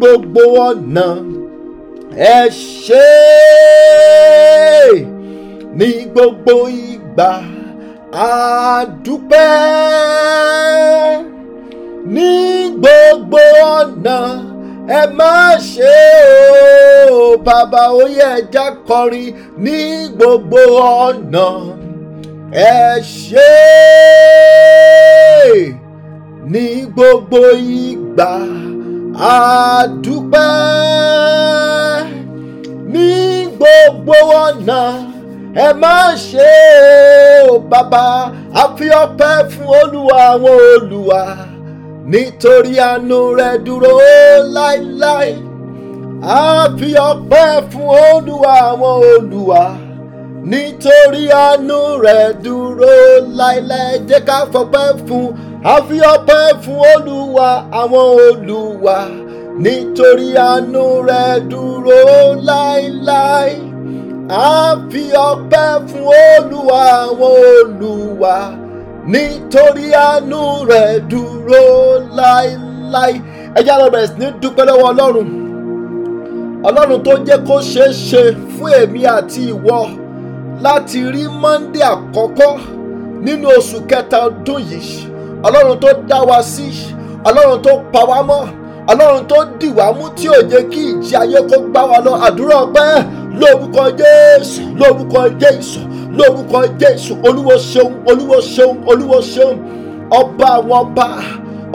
gbogbo ọ̀nà ẹ ṣé ní gbogbo ìgbà àdúpẹ́ ní gbogbo ọ̀nà ẹ má ṣe o bàbá oyè ẹja kọrin ní gbogbo ọ̀nà ẹ ṣé ní gbogbo ìgbà àdúpẹ́ ní gbogbo ọ̀nà ẹ má ṣe o bàbá a fi ọpẹ́ fún olúwa àwọn olúwa nítorí àánú rẹ̀ dúró láéláé a fi ọpẹ́ fún olúwa àwọn olúwa nítorí àánú rẹ̀ dúró láìláì jẹ́ ká fọpẹ́ fún àfi ọpẹ́ fún olúwa àwọn olúwa nítorí àánú rẹ̀ dúró láìláì àfi ọpẹ́ fún olúwa àwọn olúwa nítorí àánú rẹ̀ dúró láìláì ẹjẹ́ àlọ́ bẹ̀rẹ̀ sí ní dúpẹ́ lọ́wọ́ ọlọ́run ọlọ́run tó jẹ́ kó ṣeé ṣe fún èmi àti ìwọ láti rí Monday àkọ́kọ́ nínú oṣù kẹta ọdún yìí ọlọ́run tó dá wa sí ọlọ́run tó pa wá mọ́ ọlọ́run tó dì wá mú tí ò jẹ́ kí ìjì ayé kó gbá wa lọ àdúrà ọpẹ́ lórúkọ Jésù lórúkọ Jésù lórúkọ Jésù olúwo ṣeun olúwo ṣeun olúwo ṣeun ọba àwọn ọba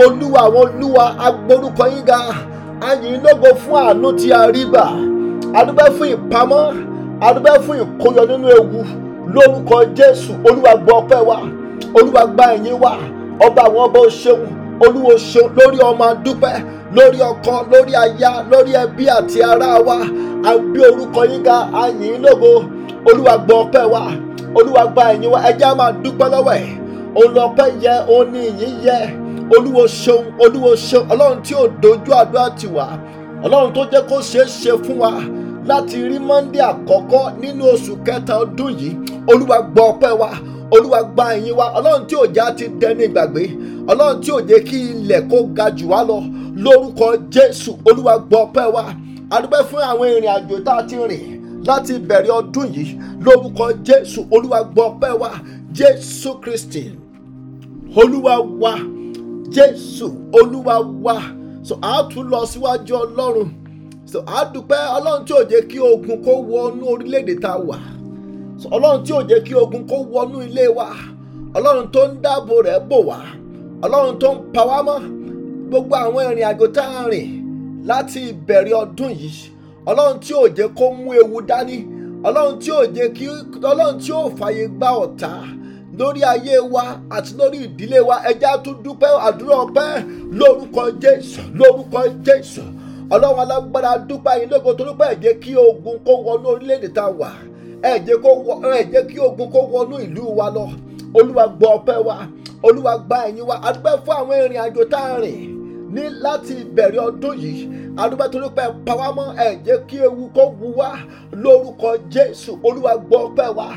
olúwa àwọn olúwa agbórúkọ yín ga ayìn lógo fún àánú tí a adúpẹ́ fún ìpamọ́ adúpẹ́ fún ìkóyọ nínú ewu lórúkọ jésù olúwa gbọ́ ọpẹ́ wa olúwa gba ẹ̀yìn wa ọba àwọn ọba o ṣeun olúwa o ṣeun lórí ọmọ adúpẹ́ lórí ọkọ lórí aya lórí ẹbí àti ará wa a gbé orúkọ yín ga a lógo olúwa gbọ́ ọpẹ́ wa olúwa gba ẹ̀yìn wa ẹjẹ́ a máa dúpẹ́ lọ́wọ́ ẹ̀ òun lọ́pẹ́ yẹ òun ni ìyìn yẹ olúwo ṣeun olúwo ṣeun ọlọ́run tí ò dojú àdúrà tiwa ọlọ́run tó jẹ́ kó ṣeé ṣe fún wa láti rí Monday àkọ́kọ́ nínú oṣù kẹta ọdún yìí olúwa gbọ́ ọpẹ́ wa olúwa gba ìyìn wa ọlọ́run tí òjá ti dẹni ìgbàgbé ọlọ́run tí òjé kí ilẹ̀ kó ga jù wá lọ lórúkọ jésù olúwa gbọ́ ọpẹ́ wa adúpẹ́ fún àwọn ìrìn àjò tá a ti rìn láti bẹ̀rẹ̀ ọdún yìí lórúkọ jésù olúwa gbọ́ ọpẹ́ wa jésù kristi olúwa wa jésù olúwa wa so àá tún lọ síwájú ọlọ́run so àdúpẹ́ ọlọ́run tí ò jẹ́ kí ogun kó wọnú orílẹ̀-èdè tá wà so ọlọ́run tí ò jẹ́ kí ogun kó wọnú ilé wa ọlọ́run tó ń dáàbò rẹ̀ bò wá ọlọ́run tó ń pa wá mọ́ gbogbo àwọn ìrìn àjò tá a rìn láti ìbẹ̀rẹ̀ ọdún yìí ọlọ́run tí ò jẹ́ kó mú ewu dání ọlọ́run tí ò jẹ́ kí ọlọ́run tí ò fàyè gba ọ̀tá lórí ayé wa àti lórí ìdílé wa ẹja tún dúpẹ́ àdúrà ọpẹ́ lórúkọ Jésù lórúkọ Jésù ọlọ́run alágbára dúpẹ́ yín lógo torí pé ẹ jẹ́ kí ogun kó wọnú orílẹ̀-èdè tá a wà ẹ kí ogun kó wọnú ìlú wa lọ olúwa gbọ́ ọpẹ́ wa olúwa gba ẹ̀yìn wa adúpẹ́ fún àwọn ìrìn àjò tá a rìn ní láti ìbẹ̀rẹ̀ ọdún yìí adúpẹ́ torí pé pàwámọ́ ẹ jẹ́ kí ewu kó wu wá lórúkọ jésù olúwa gbọ́ ọpẹ́ wa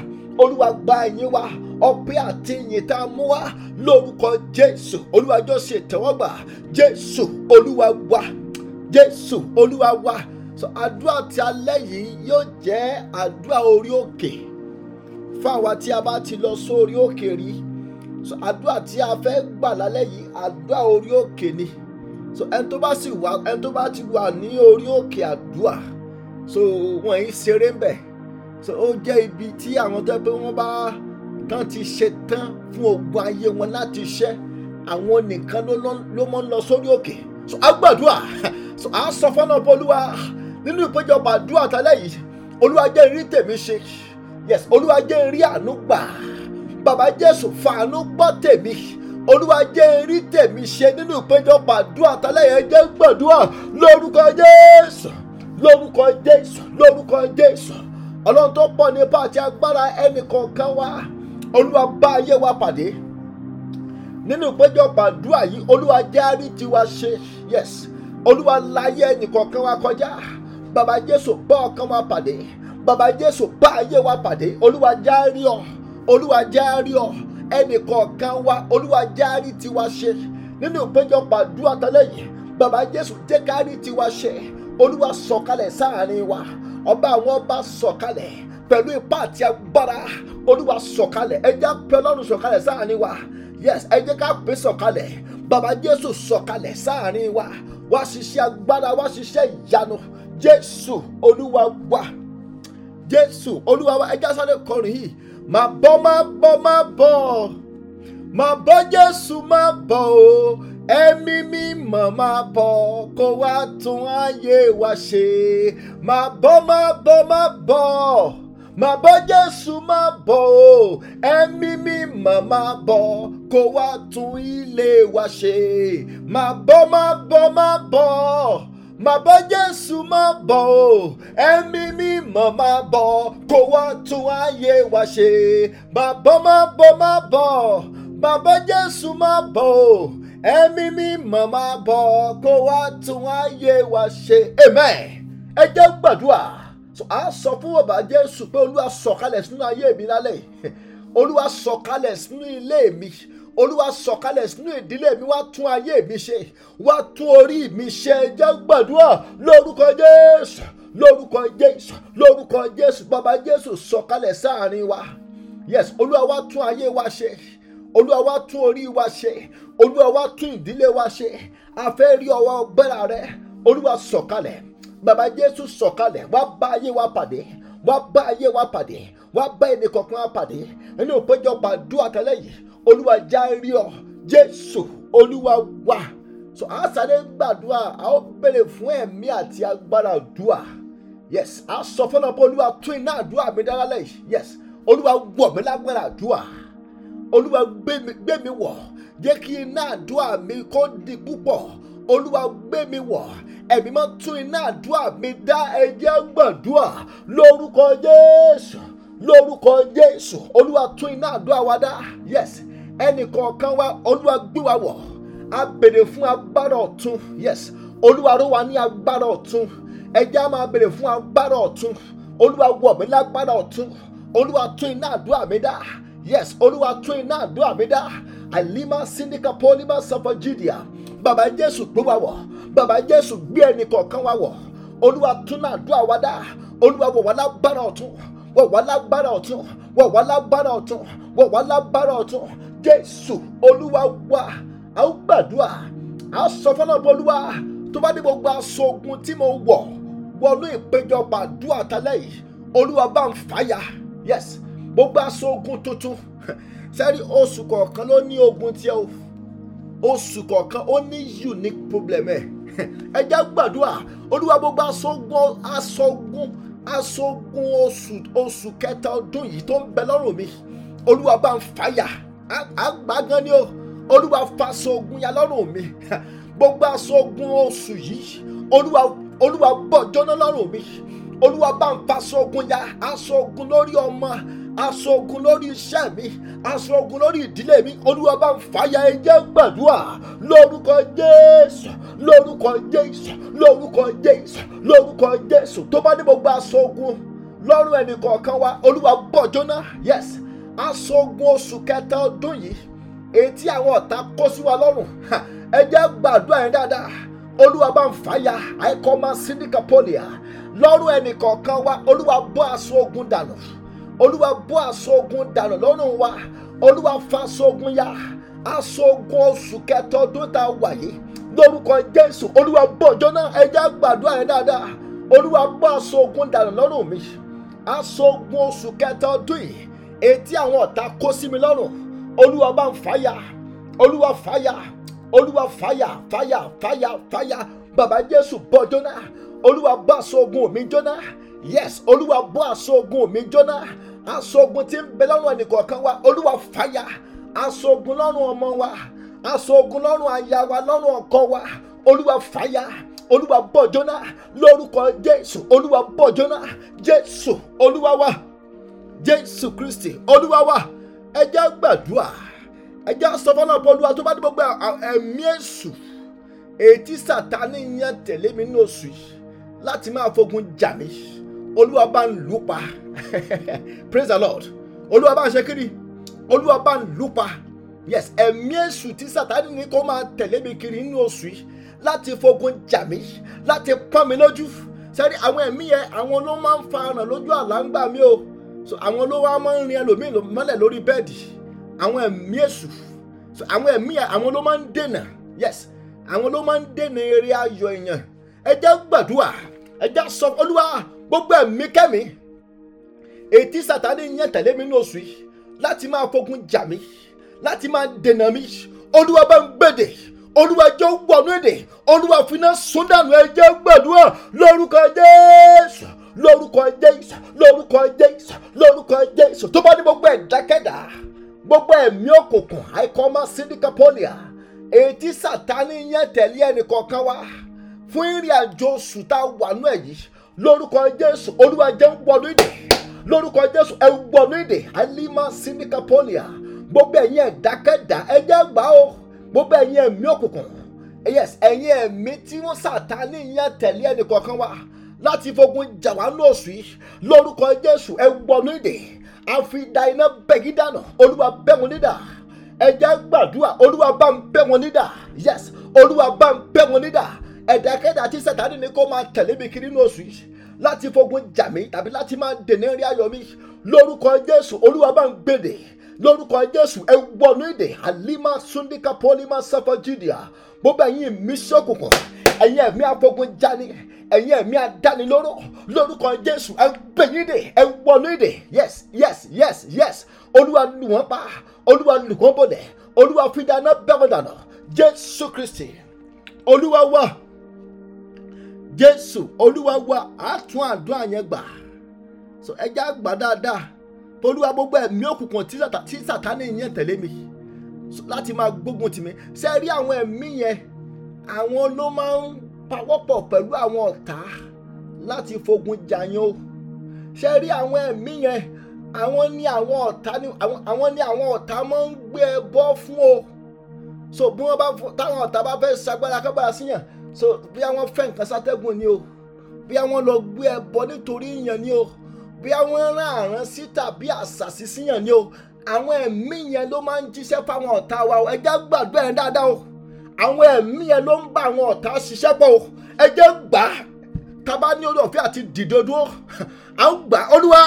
olúwa gba ẹ̀yìn wa ọpẹ́ àti ìyìn tá a mú wá lórúkọ jésù olúwa jọ ṣe ìtẹ́wọ́gbà jésù olúwa wa jésù olúwa wa so àdúrà ti alẹ́ yìí yóò jẹ́ àdúrà orí òkè fún àwa tí a bá ti lọ sórí òkè rí so àdúrà tí a fẹ́ gbà lálẹ́ yìí àdúrà orí òkè ni so ẹni tó bá sì wà ẹni tó bá ti wà ní orí òkè àdúrà so wọn yìí ṣeré ń so ó jẹ́ ibi tí àwọn tó pé wọ́n bá tán ti ṣe tán fún ogun ayé wọn láti ṣẹ́ àwọn nìkan ló mọ́ ń lọ sórí òkè so a à ń sọ fọ́nà bọ́lúwa nínú ìpéjọpọ̀ àdúrà tálẹ̀ yìí olúwa jẹ́ n rí tèmi ṣe yes olúwa jẹ́ n rí àánú gbà bàbá jésù fàánú gbọ́ tèmi olúwa jẹ́ n rí tèmi ṣe nínú ìpéjọpọ̀ àdúrà tálẹ̀ yẹn jẹ́ gbàdúrà lórúkọ jésù lórúkọ jésù lórúkọ jésù ọlọ́run tó pọ̀ nípa àti agbára ẹnìkọ̀ọ̀kan wa olúwa bá ayé wa pàdé nínú ìpéjọpọ̀ àdúrà yìí olúwa jẹ́ a rí tiwa ṣe yes olúwa láyé ẹnìkọ̀ọ̀kan wa kọjá bàbá jésù bá ọkàn wa pàdé bàbá jésù bá ayé wa pàdé olúwa járí ọ olúwa járí ọ ẹnìkọ̀ọ̀kan wa olúwa járí tiwa ṣe nínú ìpéjọpọ̀ àdúrà tẹ́lẹ̀yìn bàbá jésù jẹ́ kárí tiwa ṣe olúwa sọ̀kalẹ̀ sáàrin wa ọba àwọn ọba sọ̀kalẹ̀ pẹ̀lú ipá àti agbára olúwa sọ̀kalẹ̀ ẹ jẹ́ pé ọlọ́run sọ̀kalẹ̀ sáàárín wa yes ẹ jẹ́ ká pè sọ̀kalẹ̀ bàbá jésù sọ̀kalẹ̀ sáàárín wa wá ṣiṣẹ́ agbára wá ṣiṣẹ́ ìyanu jésù olúwa wa jésù olúwa wa ẹ jẹ́ sáré kọrin yìí máa bọ́ máa bọ́ máa bọ́ máa bọ́ jésù máa bọ́ o ẹ̀mí mímọ́ máa bọ̀ kó wá tún ayé wa ṣe máa bọ́ máa bọ́ máa bọ̀ má bọ́ Jésù má bọ̀ o ẹ̀mí mímọ́ má bọ̀ kó wá tún ilé wa ṣe má bọ́ má bọ́ má bọ̀ má bọ́ Jésù má bọ̀ o ẹ̀mí mímọ́ má bọ̀ kó wá tún ayé wa ṣe má bọ́ má bọ́ má bọ̀ má bọ́ Jésù má bọ̀ o ẹ̀mí mímọ́ má bọ̀ kó wá tún ayé wa ṣe amen ẹ jẹ́ gbàdúrà a sọ fún bàbá jésù pé olúwa sọ̀kalẹ̀ sínú ayé mi lálẹ́ olúwa sọ̀kalẹ̀ sínú ilé mi olúwa sọ̀kalẹ̀ sínú ìdílé mi wá tún ayé mi ṣe wá tún orí mi ṣe jẹ́ gbàdúrà lórúkọ jésù lórúkọ jésù lórúkọ jésù bàbá jésù sọ̀kalẹ̀ sáàrin wa yes olúwa wá tún ayé wa ṣe olúwa wá tún orí wa ṣe olúwa wá tún ìdílé wa ṣe a fẹ́ rí ọwọ́ gbẹ́ra rẹ olúwa sọ̀kalẹ̀ bàbá jésù sọ̀kalẹ̀ wá bá ayé wa pàdé wá bá ayé wa pàdé wá bá ẹnì kọ̀ọ̀kan wa pàdé nínú ìpéjọpọ̀ àdúrà tẹ́lẹ̀ yìí olúwa já rí ọ jésù olúwa wà so a sáré gbàdúrà a ó béèrè fún ẹ̀mí àti agbára àdúrà yes a sọ fọlọ́ pé olúwa tún iná àdúrà mi dára lẹ́yìn yes olúwa wọ̀ mí lágbára àdúrà olúwa gbé mi wọ̀ jẹ́ kí iná àdúrà mi kó di púpọ̀ olúwa gbé mi wọ̀ ẹ̀mí mọ́ tún iná àdúrà mi dá ẹjẹ́ gbàdúrà lórúkọ Jésù lórúkọ Jésù olúwa tún iná àdúrà wa dá yes ẹnìkọ̀ọ̀kan wa olúwa gbé wa wọ̀ a béèrè fún agbára ọ̀tun yes olúwa ró wa ní agbára ọ̀tun ẹjẹ́ a máa béèrè fún agbára ọ̀tun olúwa wọ̀ mí lágbára ọ̀tun olúwa tún iná àdúrà mi dá yes olúwa tún iná àdúrà mi dá àlímà síndíkà pọ́límà sọfọ jìdìá. Baba jésù gbó wa wọ̀ bàbá jésù gbé ẹnì kọ̀ọ̀kan wa wọ̀ olúwa tún náà dún àwa dá olúwa wọ̀ wá lágbára ọ̀tún wọ̀ wá lágbára ọ̀tún wọ̀ wá lágbára ọ̀tún wọ̀ wá lágbára ọ̀tún jésù olúwa wa a ó gbàdúrà a sọ fọlọ́ olúwa tó bá dé gbogbo aṣọ ogun tí mo wọ̀ wọnú ìpéjọpọ̀ àdúrà àtàlẹ́ yìí olúwa bá ń fàyà yes gbogbo aṣọ ogun tuntun sẹ́rí oṣù kọ̀ọ̀kan ló ní ogun tiẹ̀ o oṣù kọ̀ọ̀kan ó ní unique problem ẹ̀ ẹ jẹ́ gbàdúrà olúwa gbogbo aṣọ́gun aṣọ́gun aṣọ́gun oṣù oṣù kẹta ọdún yìí tó ń bẹ lọ́rùn mi olúwa bá ń fàyà àgbàgán ni o olúwa faṣọ́gun ya lọ́rùn mi gbogbo aṣọ́gun oṣù yìí olúwa olúwa bọ̀ jọ́nà lọ́rùn mi olúwa bá ń faṣọ́gun ya aṣọ́gun lórí ọmọ aṣọ ogun lórí iṣẹ́ mi aṣọ ogun lórí ìdílé mi olúwa bá ń fàyà ẹ̀jẹ̀ gbàdúrà lórúkọ jésù lórúkọ jésù lórúkọ jésù lórúkọ jésù tó bá ní gbogbo aṣọ ogun lọ́rùn ẹnì kọ̀ọ̀kan wa olúwa bọ̀ jóná yes aṣọ ogun oṣù kẹta ọdún yìí etí àwọn ọ̀tá kó sí wa lọ́rùn ẹ̀jẹ̀ gbàdúrà yẹn dáadáa olúwa bá ń fàyà àìkọ́ máa síndìkà pọ́lìà lọ́rùn ẹnì kọ̀ọ̀kan wa olúwa bọ́ aṣọ ogun dànù olúwa bọ́ aṣọ ogun dànù lọ́rùn wa olúwa fa aṣọ ogun ya aṣọ ogun oṣù kẹta ọdún tá a wà yìí lórúkọ jésù olúwa bọ́ ọjọ́ náà ẹja gbàdúrà yẹn dáadáa olúwa bọ́ aṣọ ogun dànù lọ́rùn mi aṣọ ogun oṣù kẹta ọdún yìí etí àwọn ọ̀tá kó sí mi lọ́rùn olúwa bá ń fàyà olúwa fàyà olúwa fàyà fàyà fàyà fàyà bàbá jésù bọ́ ọjọ́ náà olúwa bọ́ aṣọ ogun mi jóná yes olúwa bọ́ aṣọ ogun mi jóná aṣogun ti ń bẹ lọ́rùn ẹnìkọ̀ọ̀kan wa olúwa fàyà aṣogun lọ́rùn ọmọ wa aṣogun lọ́rùn aya wa lọ́rùn ọkọ wa olúwa fàyà olúwa bọ̀ jóná lórúkọ jésù olúwa bọ̀ jóná jésù olúwa wa jésù kristi olúwa wa ẹ jẹ́ gbàdúrà ẹ jẹ́ sọ fọlọ́ bọ́lúwa tó bá dé gbogbo ẹ̀mí èṣù èyí sàtáni yẹn tẹ̀lé mi ní oṣù yìí láti máa fogun jà mí olúwa bá ń lù pa praise the lord olúwa bá ń ṣe kiri olúwa bá ń lù pa yes ẹ̀mí èṣù tí sátani ní kó máa tẹ̀lé mi kiri nínú oṣù yìí láti fogun jà mí láti pọ́n mi lójú sẹ́ni àwọn ẹ̀mí yẹn àwọn ló máa ń fa lójú àlá ń o so àwọn ló wá máa ń rin ẹlòmíì mọ́lẹ̀ lórí bẹ́ẹ̀dì àwọn ẹ̀mí èṣù so àwọn ẹ̀mí yẹn àwọn ló máa ń dènà yes àwọn ló máa ń dènà eré ayọ̀ èèyàn ẹ jẹ́ gbàdúrà ẹ jẹ́ sọ olúwa gbogbo ẹ̀mí kẹ́mi ètí sátani yẹn tẹ̀lé mi ní oṣù yìí láti máa kógun jà mí láti máa dènà mi olúwa bá ń gbèdè olúwa jẹ́ wọnú èdè olúwa finá sundanu ẹjẹ gbàdúrà lórúkọ jésù lórúkọ jésù lórúkọ jésù lórúkọ jésù tó bá ní gbogbo ẹ̀dákẹ́dá gbogbo ẹ̀mí òkùnkùn àìkọ́mọ́ sídìkàpọ́lìà ètí sátani yẹn tẹ̀lé ẹnì kọ̀ọ̀kan wá fún ìrìn àjò sùtá wànú ẹ̀yìn lórúkọ jésù olúwa jẹ́ ń wọnú ìdè lórúkọ jésù ẹ ń wọnú ìdè alima sinikapolia gbogbo ẹ̀yin ẹ̀dákẹ́dá ẹ̀jẹ̀ gbà ó gbogbo ẹ̀yin ẹ̀mí òkùnkùn yes ẹ̀yin ẹ̀mí tí wọ́n sàtáni yẹn tẹ̀lé ẹnì kọ̀ọ̀kan wa láti fogun jà wá ní oṣù yìí lórúkọ jésù ẹ wọnú ìdè àfidà iná bẹ̀gí dànù olúwa bẹ́ wọn nídà ẹ̀jẹ̀ gbàdúrà olúwa bá ń bẹ́ wọn nídà yes olúwa bá ń bẹ́ wọn nídà ẹ̀dákẹ́dá tí sátani ní kó máa tẹ̀lé mi kiri ní oṣù yìí láti fogun jà mí tàbí láti máa dènà eré ayọ̀ mi lórúkọ jésù olúwa bá ń gbèdè lórúkọ jésù ẹ wọnú èdè halima sundika polima safa judea gbogbo ẹ̀yin mi ṣọkùnkùn ẹ̀yin ẹ̀mí afogun jani ẹ̀yin ẹ̀mí adánilóró lórúkọ jésù ẹ gbẹ̀yìn dè ẹ wọnú èdè yes yes yes yes olúwa lù wọ́n pa olúwa lù wọ́n bọ̀lẹ̀ olúwa fìdáná bẹ́ẹ̀ wọ́n dànù jésù kristi olúwa wà jésù olúwa wa àtún àdúrà yẹn gbà so ẹjẹ àgbà dáadáa tolúwa gbogbo ẹ̀mí òkùnkùn tí sàtánì yẹn tẹ̀lé mi láti máa gbógun tì mí ṣe rí àwọn ẹ̀mí yẹn àwọn ló máa ń pawọ́pọ̀ pẹ̀lú àwọn ọ̀tá láti fogun jàyàn o ṣe rí àwọn ẹ̀mí yẹn àwọn ní àwọn ọ̀tá ní àwọn ní àwọn ọ̀tá máa ń gbé ẹbọ fún o so bí wọ́n bá táwọn ọ̀tá bá fẹ́ ṣagbára kábàrà síyàn so bí àwọn fẹ́ nǹkan sátẹ́gùn ni o bí àwọn lọ gbé ẹbọ nítorí ìyàn ni o bí àwọn rán àrán sí tàbí àṣàṣì síyàn ni o àwọn ẹ̀mí yẹn ló máa ń jíṣẹ́ fáwọn ọ̀tá wa o ẹjẹ́ gbàdúrà yẹn dáadáa o àwọn ẹ̀mí yẹn ló ń bá àwọn ọ̀tá ṣiṣẹ́ pọ̀ o ẹjẹ́ gbà á tábà ní orí ọ̀fẹ́ àti dìde dúró à ń gbà olúwa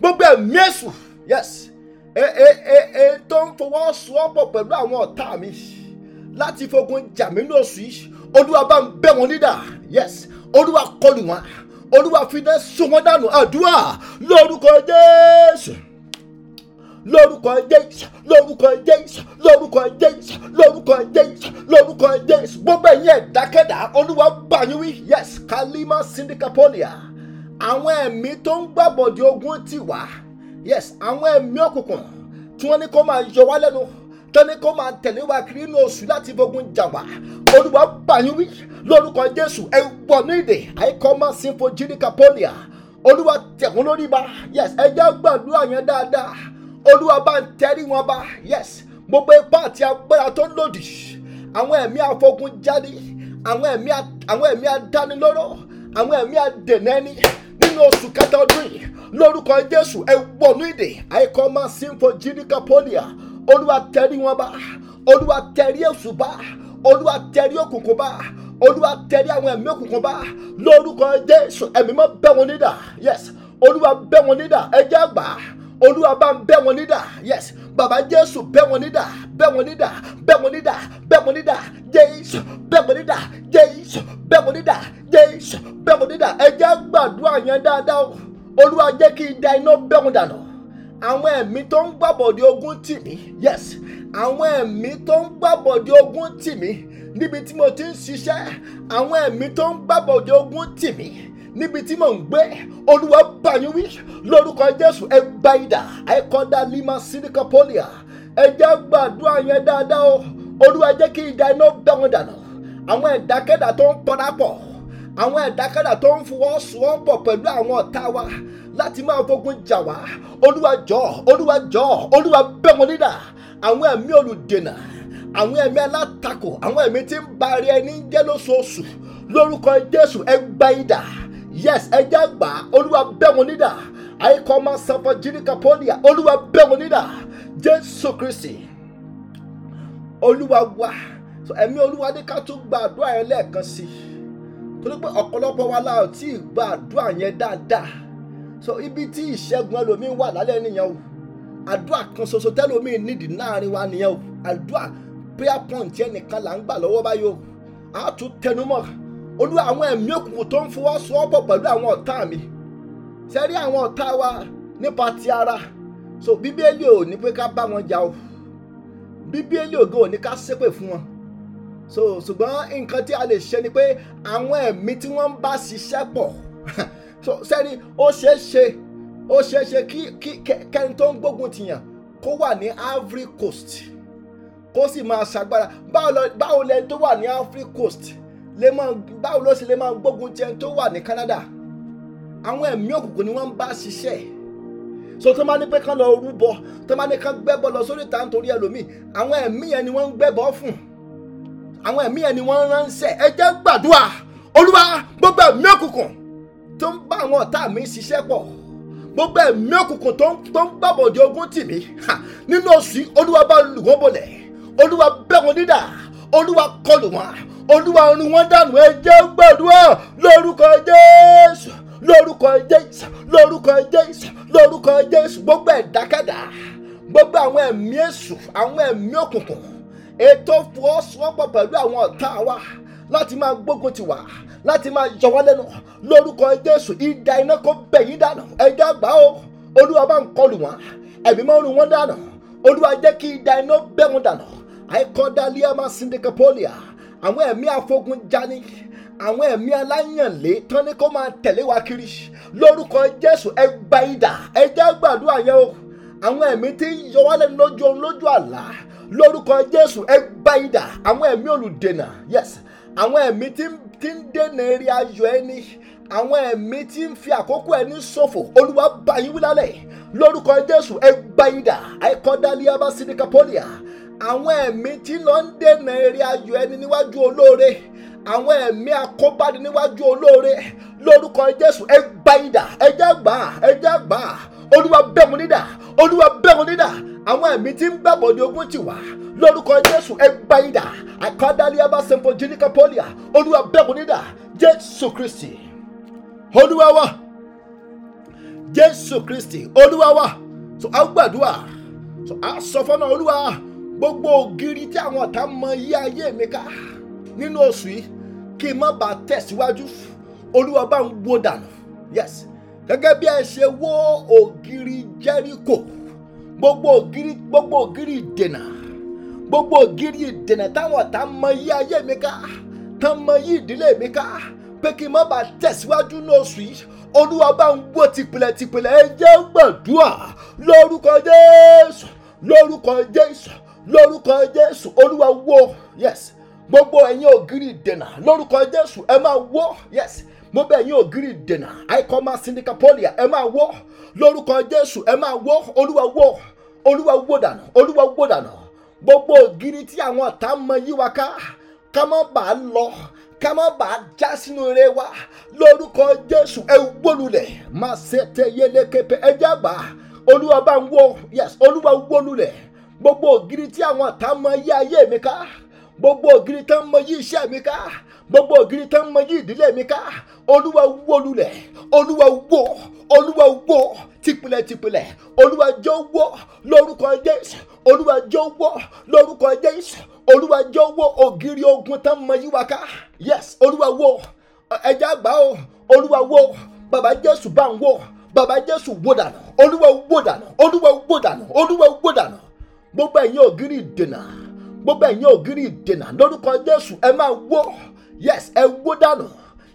gbogbo ẹ̀mí èṣù yes e e e e tó ń fọwọ́ sowọ́pọ̀ pẹ̀lú àwọn ọ̀tá mi láti fogun jà mí ní oṣù yìí olúwa bá ń bẹ́ wọn nídà yes olúwa kọlù wọn olúwa fi dẹ́ sún wọn dànù àdúrà lórúkọ jésù lórúkọ jésù lórúkọ jésù lórúkọ jésù lórúkọ jésù lórúkọ jésù gbogbo ẹ̀yin ẹ̀dákẹ́dá olúwa bàyín wí yes kalima Sindikapolia, àwọn ẹ̀mí tó ń gbàbọ̀dé ogun ti wá yes àwọn ẹ̀mí òkùnkùn tí wọ́n ní kó máa yọ wá lẹ́nu tẹ́ni kó máa tẹ̀lé wa kiri inú oṣù láti fogun jà wá olúwa bàyín wí lórúkọ jésù ẹ wọ ní ìdè àìkọ́ máa sin fo jíríkà pọ́lìà olúwa lórí ba yes ẹ jẹ́ gbàdúrà yẹn dáadáa olúwa bá ń tẹ́rí wọn ba yes gbogbo ipá àti agbára tó lòdì àwọn ẹ̀mí afogun jáde àwọn ẹ̀mí àwọn ẹ̀mí adánilóró àwọn ẹ̀mí adènà ẹni nínú oṣù kẹta ọdún yìí lórúkọ jésù ẹ wọnú ìdè àìkọ́ máa sin fo jíríkà pọ́lìà olúwa tẹrí wọn bá olúwa tẹrí èṣù bá olúwa tẹrí òkùnkùn bá olúwa tẹrí àwọn ẹ̀mí òkùnkùn bá lórúkọ jésù ẹ̀mí mọ́ bẹ́ wọn nídà yes olúwa bẹ́ wọn nídà ẹjẹ́ àgbà olúwa bá ń bẹ́ wọn nídà yes bàbá jésù bẹ́ wọn nídà bẹ́ wọn nídà bẹ́ wọn nídà bẹ́ wọn nídà jésù bẹ́ wọn nídà jésù bẹ́ wọn nídà jésù bẹ́ wọn nídà ẹjẹ́ gbàdúrà yẹn dáadáa olúwa jẹ́ kí idà iná bẹ́ wọn dànù àwọn ẹ̀mí tó ń di ogun tì mí yes àwọn ẹ̀mí tó ń di ogun tì mí níbi tí mo ti ń ṣiṣẹ́ àwọn ẹ̀mí tó ń gbàbọ̀dé ogun tì mí níbi tí mò ń gbé olúwa bá yín wí lórúkọ jésù ẹ ìdá àìkọ́dá lima sínìkàpọ́lìà ẹ jẹ́ gbàdúrà yẹn dáadáa o olúwa jẹ́ kí ìdá iná bá wọn dànù àwọn ẹ̀dákẹ́dà tó ń pọ́nra pọ̀ àwọn ẹ̀dákẹ́dà tó ń fọwọ́ sowọ́ pọ̀ pẹ̀lú àwọn ọ̀tá wa láti máa fogun jà wá olúwa jọ olúwa jọ olúwa bẹ́ wọn nídà àwọn ẹ̀mí olùdènà àwọn ẹ̀mí alátakò àwọn ẹ̀mí tí ń ba ẹni jẹ́ lóṣooṣù lórúkọ jésù ẹ gba idà yes ẹ jẹ́ àgbà olúwa bẹ́ wọn nídà àyíkọ́ máa sanfọ jíríkà pọ́lìà olúwa bẹ́ wọn nídà jésù kristi olúwa wá ẹ̀mí olúwa ní ká tún gba àdúrà yẹn lẹ́ẹ̀kan sí torí pé ọ̀pọ̀lọpọ̀ wa la tí ì gba àdúrà yẹn dáadáa so ibi tí ìṣẹ́gun ẹlòmíín wà lálẹ́ nìyẹn o àdúrà kan ṣoṣo tẹ́lòmíín nídìí láàrin wa nìyẹn o àdúrà prayer point yẹn nìkan là ń gbà lọ́wọ́ báyìí o a tún tẹnumọ́ olú àwọn ẹ̀mí òkùnkùn tó ń fọwọ́ sọ́ọ́bọ̀ pẹ̀lú àwọn ọ̀tá mi sẹ́rí àwọn ọ̀tá wa nípa ti ara so bíbélì ò ní pé ká bá wọn jà o bíbélì ògo ò ní ká ṣépè fún wọn so ṣùgbọ́n nǹkan tí a lè ṣe ni pé àwọn ẹ̀mí tí wọ́n ń bá ṣiṣẹ́ pọ̀ sẹ́ni ó ṣeé ṣe ó ṣeé ṣe kí kí kẹ́ni tó ń gbógun tìyàn kó wà ní Ivory Coast kó sì máa ṣàgbára báwo lẹni tó wà ní Ivory Coast lè máa báwo ló sì lè máa gbógun ti ẹni tó wà ní Canada àwọn ẹ̀mí òkùnkùn ni wọ́n ń bá ṣiṣẹ́ ẹ̀ so tó máa ní pé kán lọ rúbọ tó máa ní kán gbẹ́bọ lọ sórí ìta nítorí ẹlòmíì àwọn ẹ̀mí yẹn ni wọ́n ń gbẹ́bọ fún àwọn ẹ̀mí yẹn ni wọ́n ń ránṣẹ́ ẹ jẹ́ gbàdúrà olúwa gbogbo ẹ̀mí òkùnkùn tó ń bá àwọn ọ̀tá mi ṣiṣẹ́ pọ̀ gbogbo ẹ̀mí òkùnkùn tó ń gbàbọ̀dé ogun tì mí nínú oṣù olúwa bá lù wọ́n bọ̀lẹ̀ olúwa bẹ́ wọn dídà olúwa kọlù wọn olúwa run wọn dànù ẹ jẹ́ gbàdúrà lórúkọ jésù lórúkọ jésù lórúkọ jésù lórúkọ jésù gbogbo ẹ̀dákàdá gbogbo àwọn ẹ̀mí èṣù àwọn ẹ̀mí òkùnkùn ètò fọwọ́sowọ́pọ̀ pẹ̀lú àwọn ọ̀tá wa láti máa gbógun ti wá láti máa yọ wá lẹ́nu lórúkọ jésù idà iná kó bẹ̀ yín dànù ẹjọ́ àgbà o olúwa bá ń kọlù wọn ẹ̀mí máa ń rún wọn dànù olúwa jẹ́ kí idà iná bẹ̀ wọn dànù àìkọ́dálíà máa sindikapolia àwọn ẹ̀mí afogun jani àwọn ẹ̀mí aláyànlé tán ni kó máa tẹ̀lé wa kiri lórúkọ jésù ẹgbà idà ẹjẹ́ gbàdúrà yẹn o àwọn ẹ̀mí tí ń yọ wá lẹ́nu lójú lójú àlá lórúkọ jésù ẹgbà idà àwọn ẹ̀mí olùdènà yes àwọn ẹ̀mí tí ń dènà eré ayọ̀ ẹni àwọn ẹ̀mí tí ń fi àkókò ẹni ṣòfò olúwa bá yín wílálẹ̀ lórúkọ jésù ẹ gbá yín dà àìkọ́dálíyà bá sídìkápọ́lìà àwọn ẹ̀mí tí lọ ń dènà eré ayọ̀ ẹni níwájú olóore àwọn ẹ̀mí akóbáni níwájú olóore lórúkọ jésù ẹ gbá yín dà ẹ jẹ́ gbà ẹ jẹ́ gbà olúwa bẹ́ẹ̀ mu nídà olúwa bẹ́ẹ̀ mu nídà àwọn ẹ̀mí tí ń gbàgbọ́ di ogún ti wà lórúkọ jésù ẹ gba idà àkàndálíàbá sẹmpọjìnìkà pọlìà olúwa bẹ́ẹ̀kún nídà jésù kristi olúwa wa jésù kristi olúwa wa so a gbàdúrà so a sọ fọnà olúwa gbogbo ògiri tí àwọn ọ̀tá mọ iye ayé mi ká nínú oṣù yìí kí n má bàa tẹ̀síwájú olúwa bá ń wó dànù yes gẹ́gẹ́ bí ẹ ṣe wó ògiri jẹ́ríkò gbogbo ògiri gbogbo ògiri dènà gbogbo ògiri ìdènà táwọn ọ̀tá mọ iye ayé mi ká tán mọ iye ìdílé mi ká pé kí n má bàa tẹ̀síwájú ní oṣù yìí olúwa bá ń wó tìpìlẹ̀tìpìlẹ̀ ẹ jẹ́ gbàdúrà lórúkọ jésù lórúkọ jésù lórúkọ jésù olúwa wó yes gbogbo ẹ̀yin ògiri ìdènà lórúkọ jésù ẹ máa wó yes mo bẹ̀ yín ògiri dènà àìkọ́má sinikapolia ẹ máa wó lórúkọ jésù ẹ máa wó olúwa wó olúwa wó dànù olúwa wó dànù gbogbo ògiri tí àwọn ọ̀tá mọ yí wa ká ká má bàa lọ ká má bàa já sínú eré wa lórúkọ jésù ẹ wólulẹ̀ má ṣe tẹ yélékepe ẹ jágbá olúwa bá ń wó yes olúwa wólulẹ̀ gbogbo ògiri tí àwọn ọ̀tá mọ yí ayé mi ká gbogbo ògiri tán mọ yí iṣẹ́ mi ká gbogbo ògiri tó ń mọyì ìdílé mi ká olúwa wó lulẹ̀ olúwa wó olúwa wó tìpìlẹ̀tìpìlẹ̀ olúwa jọ wó lórúkọ jésù olúwa jọ wó lórúkọ jésù olúwa jọ wó ògiri ogun tó ń mọyì wa ká yes olúwa wó ẹja àgbà o olúwa wó bàbá jésù bá ń wó bàbá jésù wó dànù olúwa wó dànù olúwa wó dànù olúwa wó dànù gbogbo ẹ̀yin ògiri ìdènà gbogbo ẹ̀yin ògiri ìdènà lórúkọ jésù ẹ máa wó yes ẹ wó dànù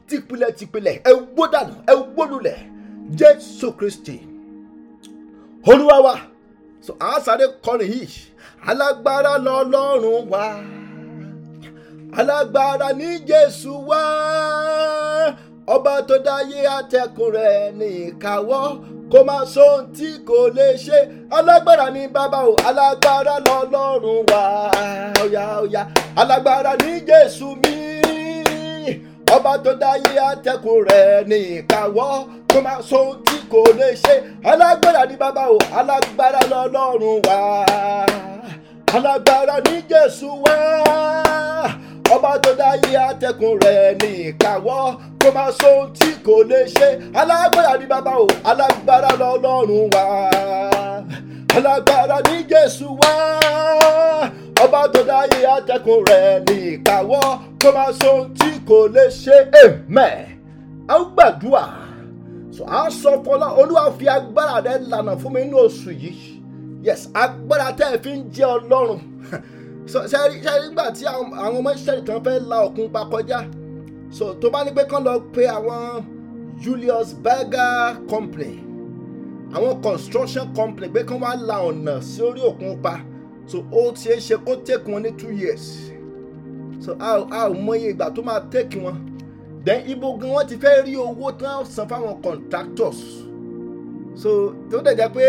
tìpilẹ̀ tìpilẹ̀ ẹ wó dànù ẹ wó lulẹ̀ jésù kristi olúwa so a sáré kọrin yìí alágbára lọ́lọ́run wa alágbára ní jésù wá ọba tó dáyé atẹ́kùn rẹ̀ ní ìkáwọ́ kó má sóhun tí kò lè ṣe alágbára ní bàbá o alágbára lọ́lọ́run wa ọ̀yà ọ̀yà alágbára ní jésù mi ọba tó dáyé àtẹ̀kù rẹ̀ ní ìkáwọ́ tó máa sọ ohun tí kò lè ṣe alágbára ní bàbá o alágbára lọ́lọ́run wá alágbára ní Jésù wá ọba tó dáyé àtẹ̀kùn rẹ̀ ní ìkáwọ́ kó máa sọ ohun tí kò lè ṣe alágbára ní bàbá o alágbára lọ́lọ́run wá alágbára ní jésù wá ọba tó dáyé atẹ́kùn rẹ̀ ní ìkáwọ́ kó máa sọ ohun tí kò lè ṣe amen a ó gbàdúrà so a sọ fọlá olúwa fi agbára rẹ lànà fún mi nínú oṣù yìí yes agbára tẹ́ ẹ fi ń jẹ́ ọlọ́run sẹ́rí sẹ́rí nígbà tí àwọn ọmọ ìṣẹ́lẹ̀ tán fẹ́ la òkun pa kọjá so tó bá ní pé kán lọ pe àwọn Julius Berger company àwọn construction company pé kán wá la ọ̀nà sí orí òkun pa so ó ti ṣe kó take wọn ní two years so a ò mọye ìgbà tó máa tẹ̀kì wọn then ibo gan wọn ti fẹ́ rí owó tán san fáwọn contractors so tó dẹ̀ jẹ́ pé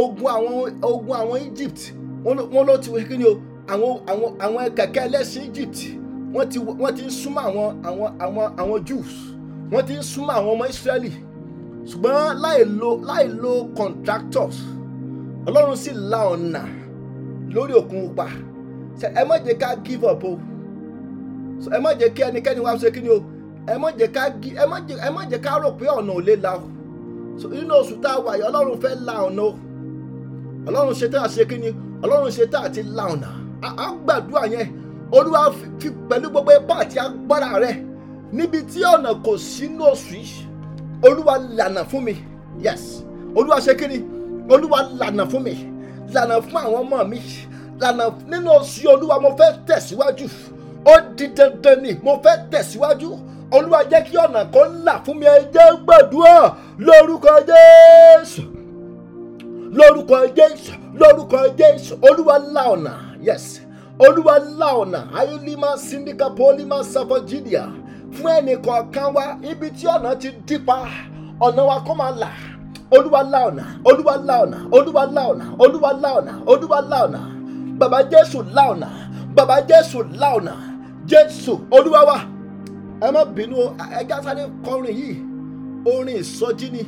ogun àwọn ogun àwọn Egypt wọ́n ló ti wọ́n kí ni o àwọn àwọn àwọn kẹ̀kẹ́ ẹlẹ́sìn Egypt wọ́n ti wọ́n ti ń súnmọ́ àwọn àwọn àwọn àwọn Jews wọ́n ti ń súnmọ́ àwọn ọmọ Israeli ṣùgbọ́n láìlo láìlo contractors ọlọ́run sì la ọ̀nà lórí òkun pa ẹ má jẹ́ ká give up o ẹ má jẹ́ kí ẹnikẹ́ni wá ṣe kí ni o ẹ má jẹ́ ká ẹ má jẹ́ ẹ má jẹ́ rò pé ọ̀nà ò lè la o so nínú oṣù tá a wà yìí ọlọ́run fẹ́ la ọ̀nà o ọlọ́run ṣe tá a ṣe kí ni ọlọ́run ṣe tá a ti la ọ̀nà a gbàdúrà yẹn olúwa fi pẹ̀lú gbogbo ipá àti agbára rẹ níbi tí ọ̀nà kò sí ní oṣù yìí olúwa lànà fún mi yes olúwa ṣe kí ni olúwa lànà fún mi lànà fún àwọn ọmọ mi lànà nínú oṣù olúwa mo fẹ́ tẹ̀síwájú ó di dandan ni mo fẹ́ tẹ̀síwájú olúwa jẹ́ kí ọ̀nà kan là fún mi ẹ jẹ́ gbàdúrà lórúkọ jésù lórúkọ jésù lórúkọ jésù olúwa là ọ̀nà yes olúwa là ọ̀nà ayélujá síndíkà pọ́límà sáfọ́jìdìá fún ẹnì kọ̀ọ̀kan wa ibi tí ọ̀nà ti dịpa ọ̀nà wa kó máa là olúwa ọ̀nà olúwa la ọ̀nà olúwa la ọ̀nà olúwa là ọ̀nà olúwa ọ̀nà baba jésù la ọ̀nà jésù ọ̀nà jésù olúwa wa ẹ má bínú ẹja sáré kọrin yìí orin ìsọjí ni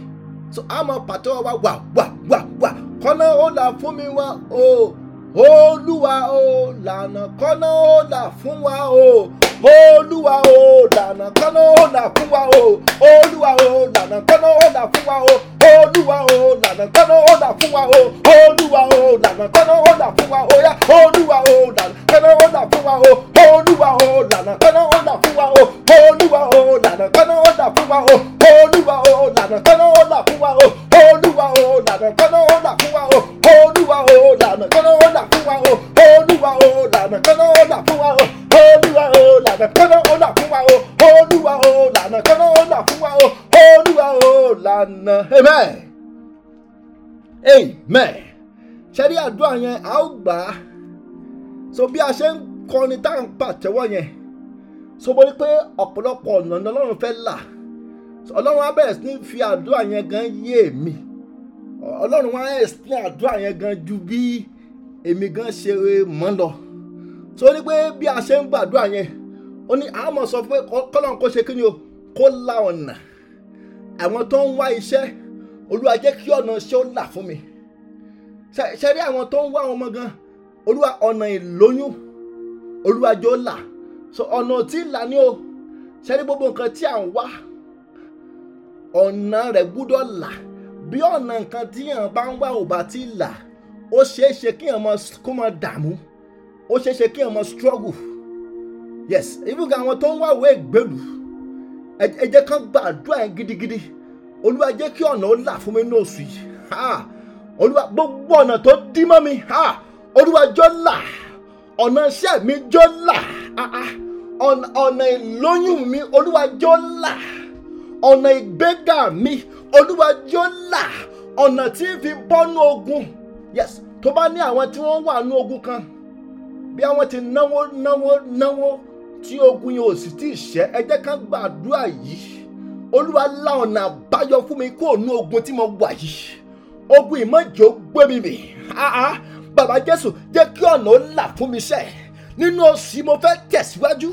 so mọ pàtó wa wà wà wà wà kọ́nà ó là fún mi wá o olúwa o lànà kọ́nà wa o. olúwa o lànà kaná ó là fún wa o olúwa o lànà kaná ó là fún wa o olúwa o lànà kaná ó là fún wa o olúwa o lànà kaná ó là fún wa o ya olúwa o lànà kaná ó là fún wa o olúwa o lànà kaná ó là fún wa o olúwa o lànà kaná ó là fún wa o olúwa o lànà kaná ó là fún wa o olúwa o lànà kaná ó là fún wa o olúwa o lànà kaná ó là fún wa o olúwa o lànà kaná ó là fún o. olúwa o lànà kaná ó là fún wa o olúwa o lànà kaná ó là fún wa o olúwa o lànà amen amen ṣe rí àdúrà yẹn a ó gbà á so bí a ṣe ń kọrin tá à ń pàtẹ́wọ́ yẹn so mo rí pé ọ̀pọ̀lọpọ̀ ọ̀nà ni ọlọ́run fẹ́ là ọlọ́run á bẹ̀rẹ̀ sí ní fi àdúrà yẹn gan yé mi ọlọ́run wá explain àdúrà yẹn gan ju bí èmi gan ṣe mọ́ lọ tó ní pé bí a ṣe ń gbàdúrà yẹn ó ní àmọ̀ sọ pé kọ́lọ́n kó ṣe kí ni o kó la ọ̀nà àwọn tó ń wá iṣẹ́ olúwa jẹ́ kí ọ̀nà iṣẹ́ ó là fún mi ṣe rí àwọn tó ń wá ọmọ gan olúwa ọ̀nà ìlóyún olúwa jẹ́ ó là so ọ̀nà tí ì là ní o ṣe rí gbogbo nǹkan tí à ń wá ọ̀nà rẹ̀ gbúdọ̀ là bí ọ̀nà nǹkan tí yàn bá ń wá ò bá ti là ó ṣeé kí yàn kó mọ dààmú ó ṣeé ṣe kí ọmọ struggle yes even àwọn tó ń wá ìwé ìgbèlú ẹ jẹ́ kán gba àdúrà yẹn gidigidi olúwa jẹ́ kí ọ̀nà ó là fún mi ní oṣù yìí olúwa gbogbo ọ̀nà tó dí mọ́ mi olúwa jọ́ là ọ̀nà iṣẹ́ mi jọ́ là ọ̀nà ìlóyún mi olúwa jọ́ là ọ̀nà ìgbéga mi olúwa jọ́ là ọ̀nà tí n fi bọ́nú ogun yes tó bá ní àwọn tí wọ́n wà nú ogun kan bí àwọn ti náwó náwó náwó tí ogun yẹn ò sì tí ì ṣẹ́ ẹ jẹ́ ká gbàdúrà yìí olúwa la ọ̀nà àbáyọ fún mi kó nu ogun tí mo wà yìí ogun ìmọ̀jọ́ gbé mi mì bàbá jésù jẹ́ kí ọ̀nà ó là fún mi sẹ́ẹ̀ nínú oṣù mo fẹ́ tẹ̀síwájú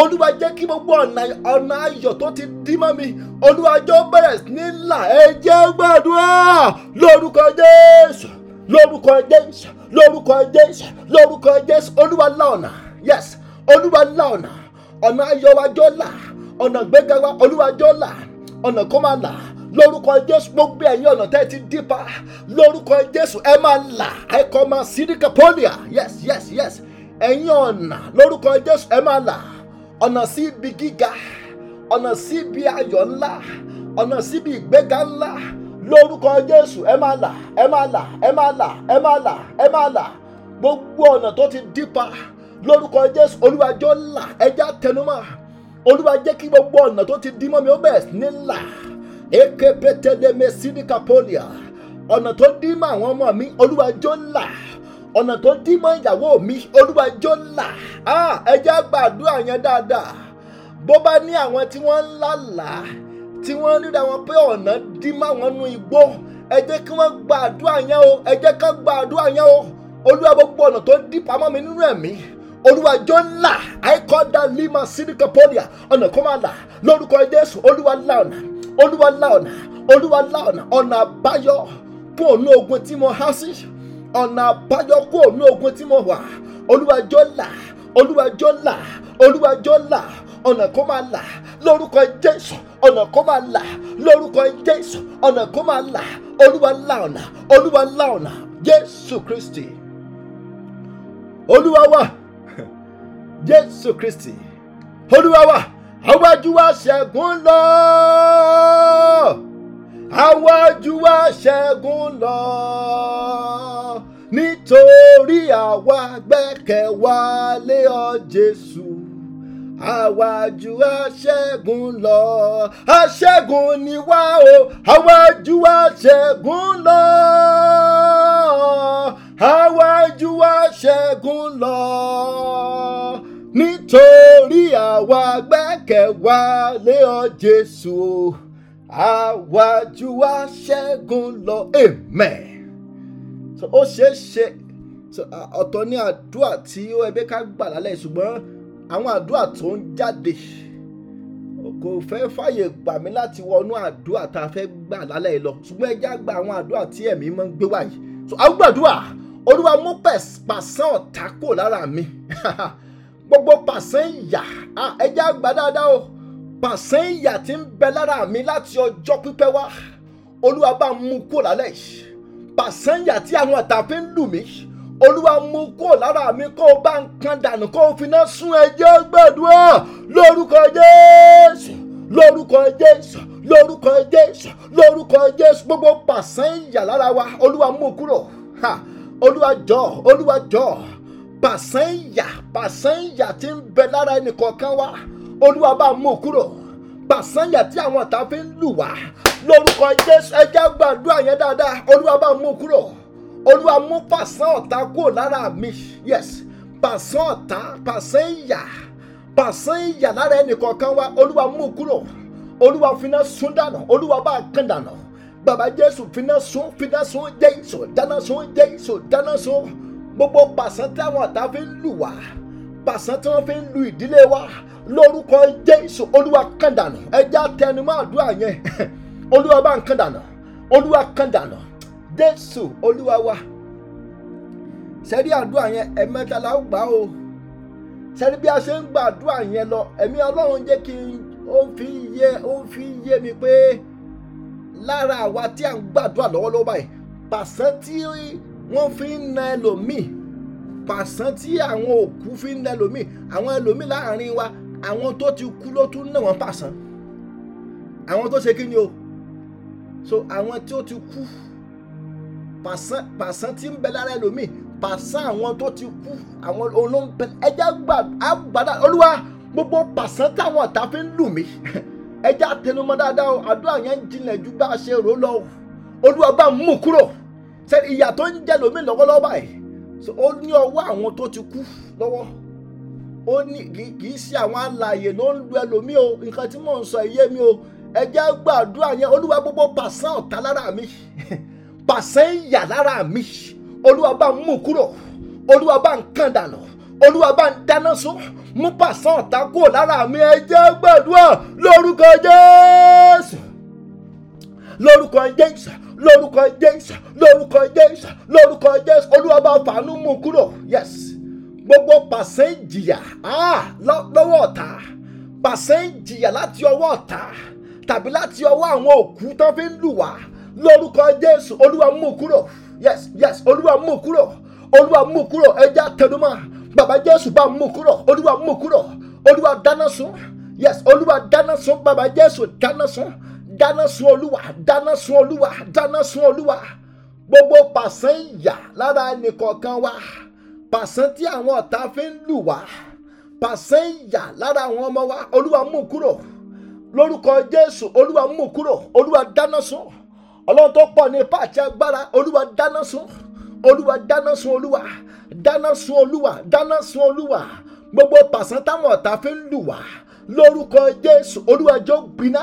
olúwa jẹ́ kí gbogbo ọ̀nà ọ̀nà ayọ̀ tó ti dí mọ́ mi olúwa jọ bẹ̀rẹ̀ ní là ẹ jẹ́ gbàdúrà lórúkọ jésù lórúkọ jésù lórúkọ jésù lórúkọ jésù olúwa là ọ̀nà yes olúwa là ọ̀nà ọ̀nà ayọ̀wájọ́ là ọ̀nà gbẹ́gàwá olúwàjọ́ là ọ̀nà kó máa là lórúkọ jésù gbogbo ẹ̀yin ọ̀nà tẹ́ ti dípa lórúkọ jésù ẹ máa là ẹ kọ́ máa sídìkà pọ́lìà yes yes yes ẹ̀yin ọ̀nà lórúkọ jésù ẹ máa là ọ̀nà sí ibi gíga ọ̀nà sí ibi ayọ̀ ńlá ọ̀nà sí ibi ìgbéga ńlá lórúkọ jésù ẹ máa là ẹ máa là ẹ máa là ẹ máa là ẹ máa là gbogbo ọ̀nà tó ti dípa lórúkọ jésù olúwàjọ́ là ẹja tẹnumọ́ olúwa kí gbogbo ọ̀nà tó ti dímọ́ mi ó bẹ̀ ní là èké pétélémé sídìkàpọ́lìà ọ̀nà tó dímọ́ àwọn ọmọ mi olúwàjọ́ là ọ̀nà tó dímọ́ ìyàwó mi olúwàjọ́ là ah, ẹja gbàdúrà yẹn dáadáa bó bá ní àwọn tí wọ́n ń lálàá tí wọ́n ríra wọn pé ọ̀nà dí má wọn nú igbó ẹ jẹ́ kí wọ́n gba àdúrà yẹn o ẹ jẹ́ kí wọ́n gba àdúrà yẹn o olúwa gbogbo ọ̀nà tó dí pamọ́ mi nínú ẹ̀mí olúwa jọ ńlá àìkọ́dá lima sídìkà pọ́lìà ọ̀nà kó máa là lórúkọ jésù olúwa là ọ̀nà olúwa là ọ̀nà olúwa là ọ̀nà ọ̀nà àbáyọ kún òun ogun tí mo há sí ọ̀nà àbáyọ kún òun ogun tí mo wà olúwa jọ ńlá olúwa jọ ńlá olúwa jọ ńlá ọ̀nà kó máa là lórúkọ jésù ọ̀nà kó máa là lórúkọ jésù ọ̀nà kó máa là olúwa là ọ̀nà olúwa là ọ̀nà jésù kristi olúwa wa jésù kristi olúwa wa àwájú wa ṣẹ́gun lọ àwájú wa ṣẹ́gun lọ nítorí àwa gbẹ́kẹ̀ wa lé ọ jésù àwájú aṣẹ́gun lọ aṣẹ́gun ni wá o àwájú aṣẹ́gun lọ àwájú aṣẹ́gun lọ nítorí àwa gbẹ́kẹ̀ lé ọ Jésù o àwájú aṣẹ́gun lọ amen. ó ṣeé ṣe ọ̀tọ̀ ní àdúrà tí ó ẹgbẹ́ ká gbà lálẹ́ ṣùgbọ́n àwọn àdúrà tó ń jáde kò fẹ́ fàyè gbà mí láti wọnú àdúrà tá a fẹ́ gbà lálẹ́ lọ ṣùgbọ́n ẹ já gba àwọn àdúrà tí ẹ̀mí máa ń gbé wáyé so a gbàdúrà olúwa mú pàṣán ọ̀tá kò lára mi gbogbo pàṣán ìyà ẹ já gbà dáadáa o pàṣán ìyà tí ń bẹ lára mi láti ọjọ́ pípẹ́ wá olúwa bá mú kò lálẹ́ yìí pàṣán ìyà tí àwọn ọ̀tá fi ń lù mí olúwa mú kó lára mi kó o bá ń kan dànù kó o finá sún ẹjẹ́ gbàdúrà lórúkọ jésù lórúkọ jésù lórúkọ jésù lórúkọ jésù gbogbo pàṣán ìyà lára wa olúwa mú kúrò olúwa jọ olúwa jọ pàṣán ìyà pàṣán ìyà tí ń bẹ lára ẹnìkọ̀ọ̀kan wa olúwa bá mú kúrò pàṣán ìyà tí àwọn ọ̀tá fi ń lù wá lórúkọ jésù ẹjẹ́ gbàdúrà yẹn dáadáa olúwa bá mú kúrò olúwa mú pàṣán ọ̀tá kúrò lára mi yes pàṣán ọ̀tá pàṣán ìyà pàṣán ìyà lára ẹnìkọ̀ọ̀kan wa olúwa mú kúrò olúwa finá sun dànù olúwa bá kàn dànù bàbá jésù finá sun finá sun jésù dáná sun jésù dáná sun gbogbo pàṣán táwọn ọ̀tá fi ń lù wá pàṣán tí wọ́n fi ń lu ìdílé wa lórúkọ jésù olúwa kàn dànù ẹja tẹnumọ́ àdúrà yẹn olúwa bá ń kàn dànù olúwa kàn dànù Jésù olúwa wa sẹ́rí àdúrà yẹn ẹ̀mẹ́ta la ó gbà o sẹ́rí bí a ṣe ń gba àdúrà yẹn lọ ẹ̀mí Ọlọ́run jẹ́ kí n ó fi yé ó fi yé mi pé lára àwa tí à ń gbàdúrà lọ́wọ́lọ́wọ́ báyìí pàṣán tí wọ́n fi ń na ẹlòmíì pàṣán tí àwọn òkú fi ń na ẹlòmíì àwọn ẹlòmíì láàrin wa àwọn tó ti kú ló tún náà wọ́n pàṣán àwọn tó ṣe kí ni o so àwọn tí ó ti kú pàṣán tí ń bẹ lára ẹlòmíì pàṣán àwọn tó ti kú àwọn olóńgbẹ ẹjẹ àgbàdá olúwa gbogbo pàṣán táwọn ọ̀tá fi ń lù mí ẹjẹ àtẹnumọ́ dáadáa o àdúrà yẹn ń jinlẹ̀ ju bá a ṣe rò lọ olúwa bá ń mú kúrò ṣe ìyà tó ń jẹ lómi lọ́wọ́lọ́wọ́ báyìí ó ní ọwọ́ àwọn tó ti kú lọ́wọ́ ó ní kì í ṣe àwọn alààyè ló ń lu ẹlòmíì o nǹkan tí mò ń sọ ìyé mi o ẹjẹ gbàdúrà yẹn olúwa gbogbo pàṣán ọ̀tá lára mi ìbàsẹ́ ìyà lára mi olúwa bá mú kúrò olúwa bá ń kàn dànù olúwa bá ń dáná sun mú pàṣán ọ̀tá kúrò lára mi ẹ jẹ́ gbàdúrà lórúkọ jésù lórúkọ jésù lórúkọ jésù lórúkọ jésù lórúkọ jésù olúwa bá fàánú mú kúrò yes gbogbo pàṣẹ ìjìyà ah, lọ́wọ́ ọ̀tá pàṣẹ ìjìyà láti ọwọ́ ọ̀tá tàbí láti ọwọ́ àwọn òkú tán fi ń lù wá lórúkọ jésù olúwa mú kúrò yes yes olúwa mú kúrò olúwa mú kúrò ẹja tẹnumọ́ bàbá jésù bá mú kúrò olúwa mú kúrò olúwa dáná sun yes olúwa dáná sun bàbá jésù dáná sun dáná sun olúwa dáná sun olúwa dáná sun olúwa gbogbo pàṣán ìyà lára ẹnìkọ̀ọ̀kan wa pàṣán tí àwọn ọ̀tá fi ń lù wá pàṣán ìyà lára àwọn ọmọ wa olúwa mú kúrò lórúkọ jésù olúwa mú kúrò olúwa dáná sun ọlọ́run tó pọ̀ ní ipa àti agbára olúwa dáná sun olúwa dáná sun olúwa dáná sun olúwa dáná sun olúwa gbogbo pàṣán táwọn ọ̀tá fi ń lù wá lórúkọ jésù olúwa jó gbiná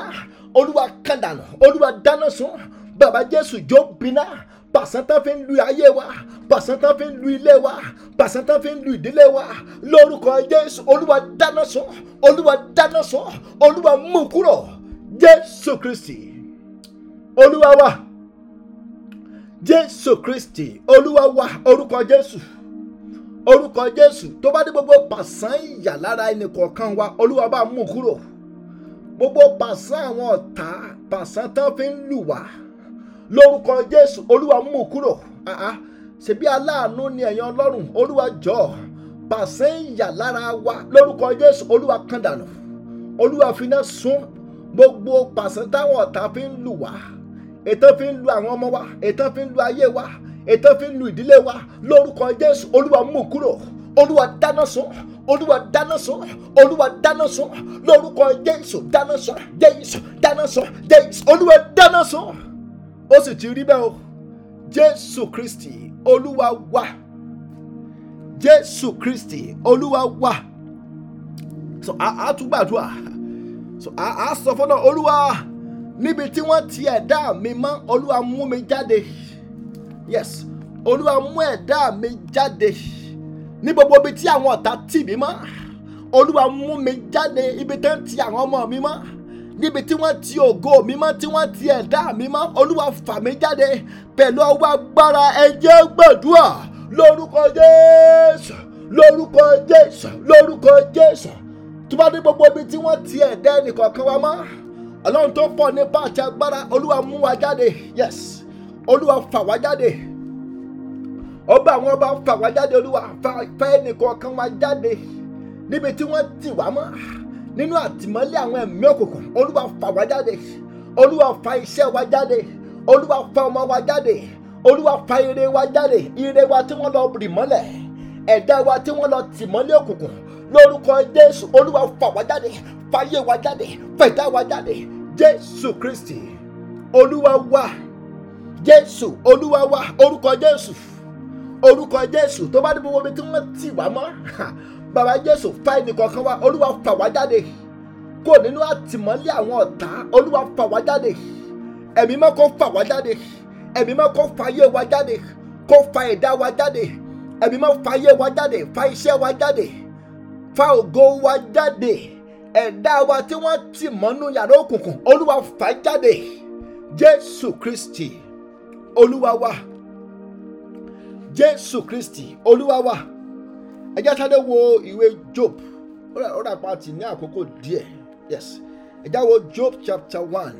olúwa kàdànù olúwa dáná sun bàbá jésù jó gbiná pàṣán tán fi ń lu ayé wa pàṣán tán fi ń lu ilé wa pàṣán tán fi ń lu ìdílé wa lórúkọ jésù olúwa dáná sun olúwa dáná sun olúwa mú kúrò jésù kristi olúwa wa jésù kristi olúwa wa orúkọ jésù orúkọ jésù tó bá dé gbogbo pàṣán ìyà lára ẹnì kọ̀ọ̀kan wa olúwa bá mú kúrò gbogbo pàṣán àwọn ọ̀tá pàṣán tán fi ń lù wá lórúkọ jésù olúwa mú kúrò ṣebí aláàánú ni ẹ̀yàn ọlọ́run olúwa jọ̀ọ́ pàṣẹ ìyà lára wa lórúkọ jésù olúwa kan dànù olúwa fi náà sún gbogbo pàṣẹ táwọn ọ̀tá fi ń lù wá ètò fi ń lu àwọn ọmọ wa ètò fi ń lu ayé wa ètò fi ń lu ìdílé wa lórúkọ Jésù Olúwa mú kúrò Olúwa dáná sun Olúwa dáná sun Olúwa dáná sun lórúkọ Jésù dáná sun Jésù dáná sun Jésù Olúwa dáná sun ó sì ti rí bẹ́ẹ̀ o Jésù Kristi Olúwa wa Jésù Kristi Olúwa wa so àá tún gbàdúrà so a sọ fọ́nà Olúwa níbi tí wọ́n ti ẹ̀dá mi mọ́ olúwa mú mi jáde yes olúwa mú ẹ̀dá mi jáde ní gbogbo ibi tí àwọn ọ̀tá tì mí mọ́ olúwa mú mi jáde ibi tí wọ́n ti àwọn ọmọ mi mọ́ níbi tí wọ́n ti ògo mi mọ́ tí wọ́n ti ẹ̀dá mi mọ́ olúwa fà mí jáde pẹ̀lú ọwọ́ agbára ẹ jẹ́ gbàdúrà lórúkọ jésù lórúkọ jésù lórúkọ jésù tó bá dé gbogbo ibi tí wọ́n ti ẹ̀dá ẹnìkọ̀ọ̀kan wa mọ́ ọlọ́run tó pọ̀ nípa àti agbára olúwa mú wa jáde yes olúwa fà wá jáde ọba àwọn ọba fà wá jáde olúwa fà ẹnìkan kan wá jáde níbi tí wọ́n tì wá mọ́ nínú àtìmọ́lé àwọn ẹ̀mí òkùnkùn olúwa fà wá jáde olúwa fà iṣẹ́ wa jáde olúwa fà ọmọ wa jáde olúwa fà ire wa jáde ire wa tí wọ́n lọ rì mọ́lẹ̀ ẹ̀dá wa tí wọ́n lọ tì mọ́lé òkùnkùn lórúkọ jésù olúwa fà wá jáde fàyè wa jáde fẹ̀dá wa jáde jésù kristi olúwa wa jésù olúwa wa orúkọ jésù orúkọ jésù tó bá dé gbogbo omi tí wọ́n tì wá mọ́ bàbá jésù fa ẹnìkan kan wá olúwa fà wá jáde kó nínú àtìmọ́lé àwọn ọ̀tá olúwa fà wá jáde ẹ̀mí mọ́ kó fà wá jáde ẹ̀mí mọ́ kó fa ayé wa jáde kó fa ẹ̀dá wa jáde ẹ̀mí mọ́ fa ayé wa jáde fa iṣẹ́ wa jáde fa ògo wa jáde ẹ̀dá wa tí wọ́n ti mọ́nú yàrá òkùnkùn olúwa fà jáde jésù kristi olúwa wa jésù kristi olúwa wa ẹ jẹ́ sáré wo ìwé job ó rà pàtì ní àkókò díẹ̀ yes ẹ jẹ́ wo job chapter one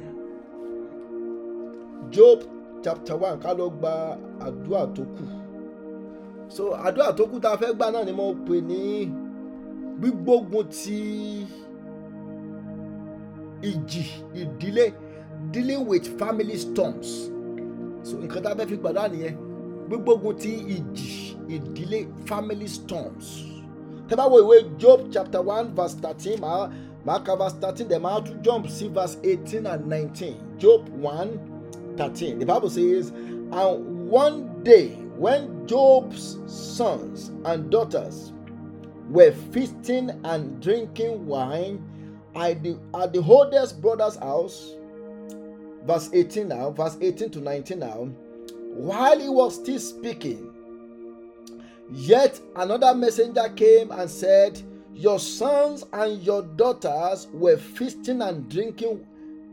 job chapter one ká ló gba àdúrà tó kù so àdúrà tó kù tá a fẹ́ gbà náà ni mo pè ní gbígbógun ti ìjì ìdílé dealing with family storms so nǹkan tá a fẹ́ fi gbàdúrà nìyẹn gbígbógun ti ìjì ìdílé family storms tẹ́ bá wo ìwé Job chapter one verse thirteen màá màá ka verse thirteen then màá tún jump sí verse eighteen and nineteen Job one thirteen the Bible says and one day when Job's sons and daughters were feasting and drinking wine. at the, at the oldest brother's house, verse 18 now, verse 18 to 19 now, while he was still speaking, yet another messenger came and said, Your sons and your daughters were feasting and drinking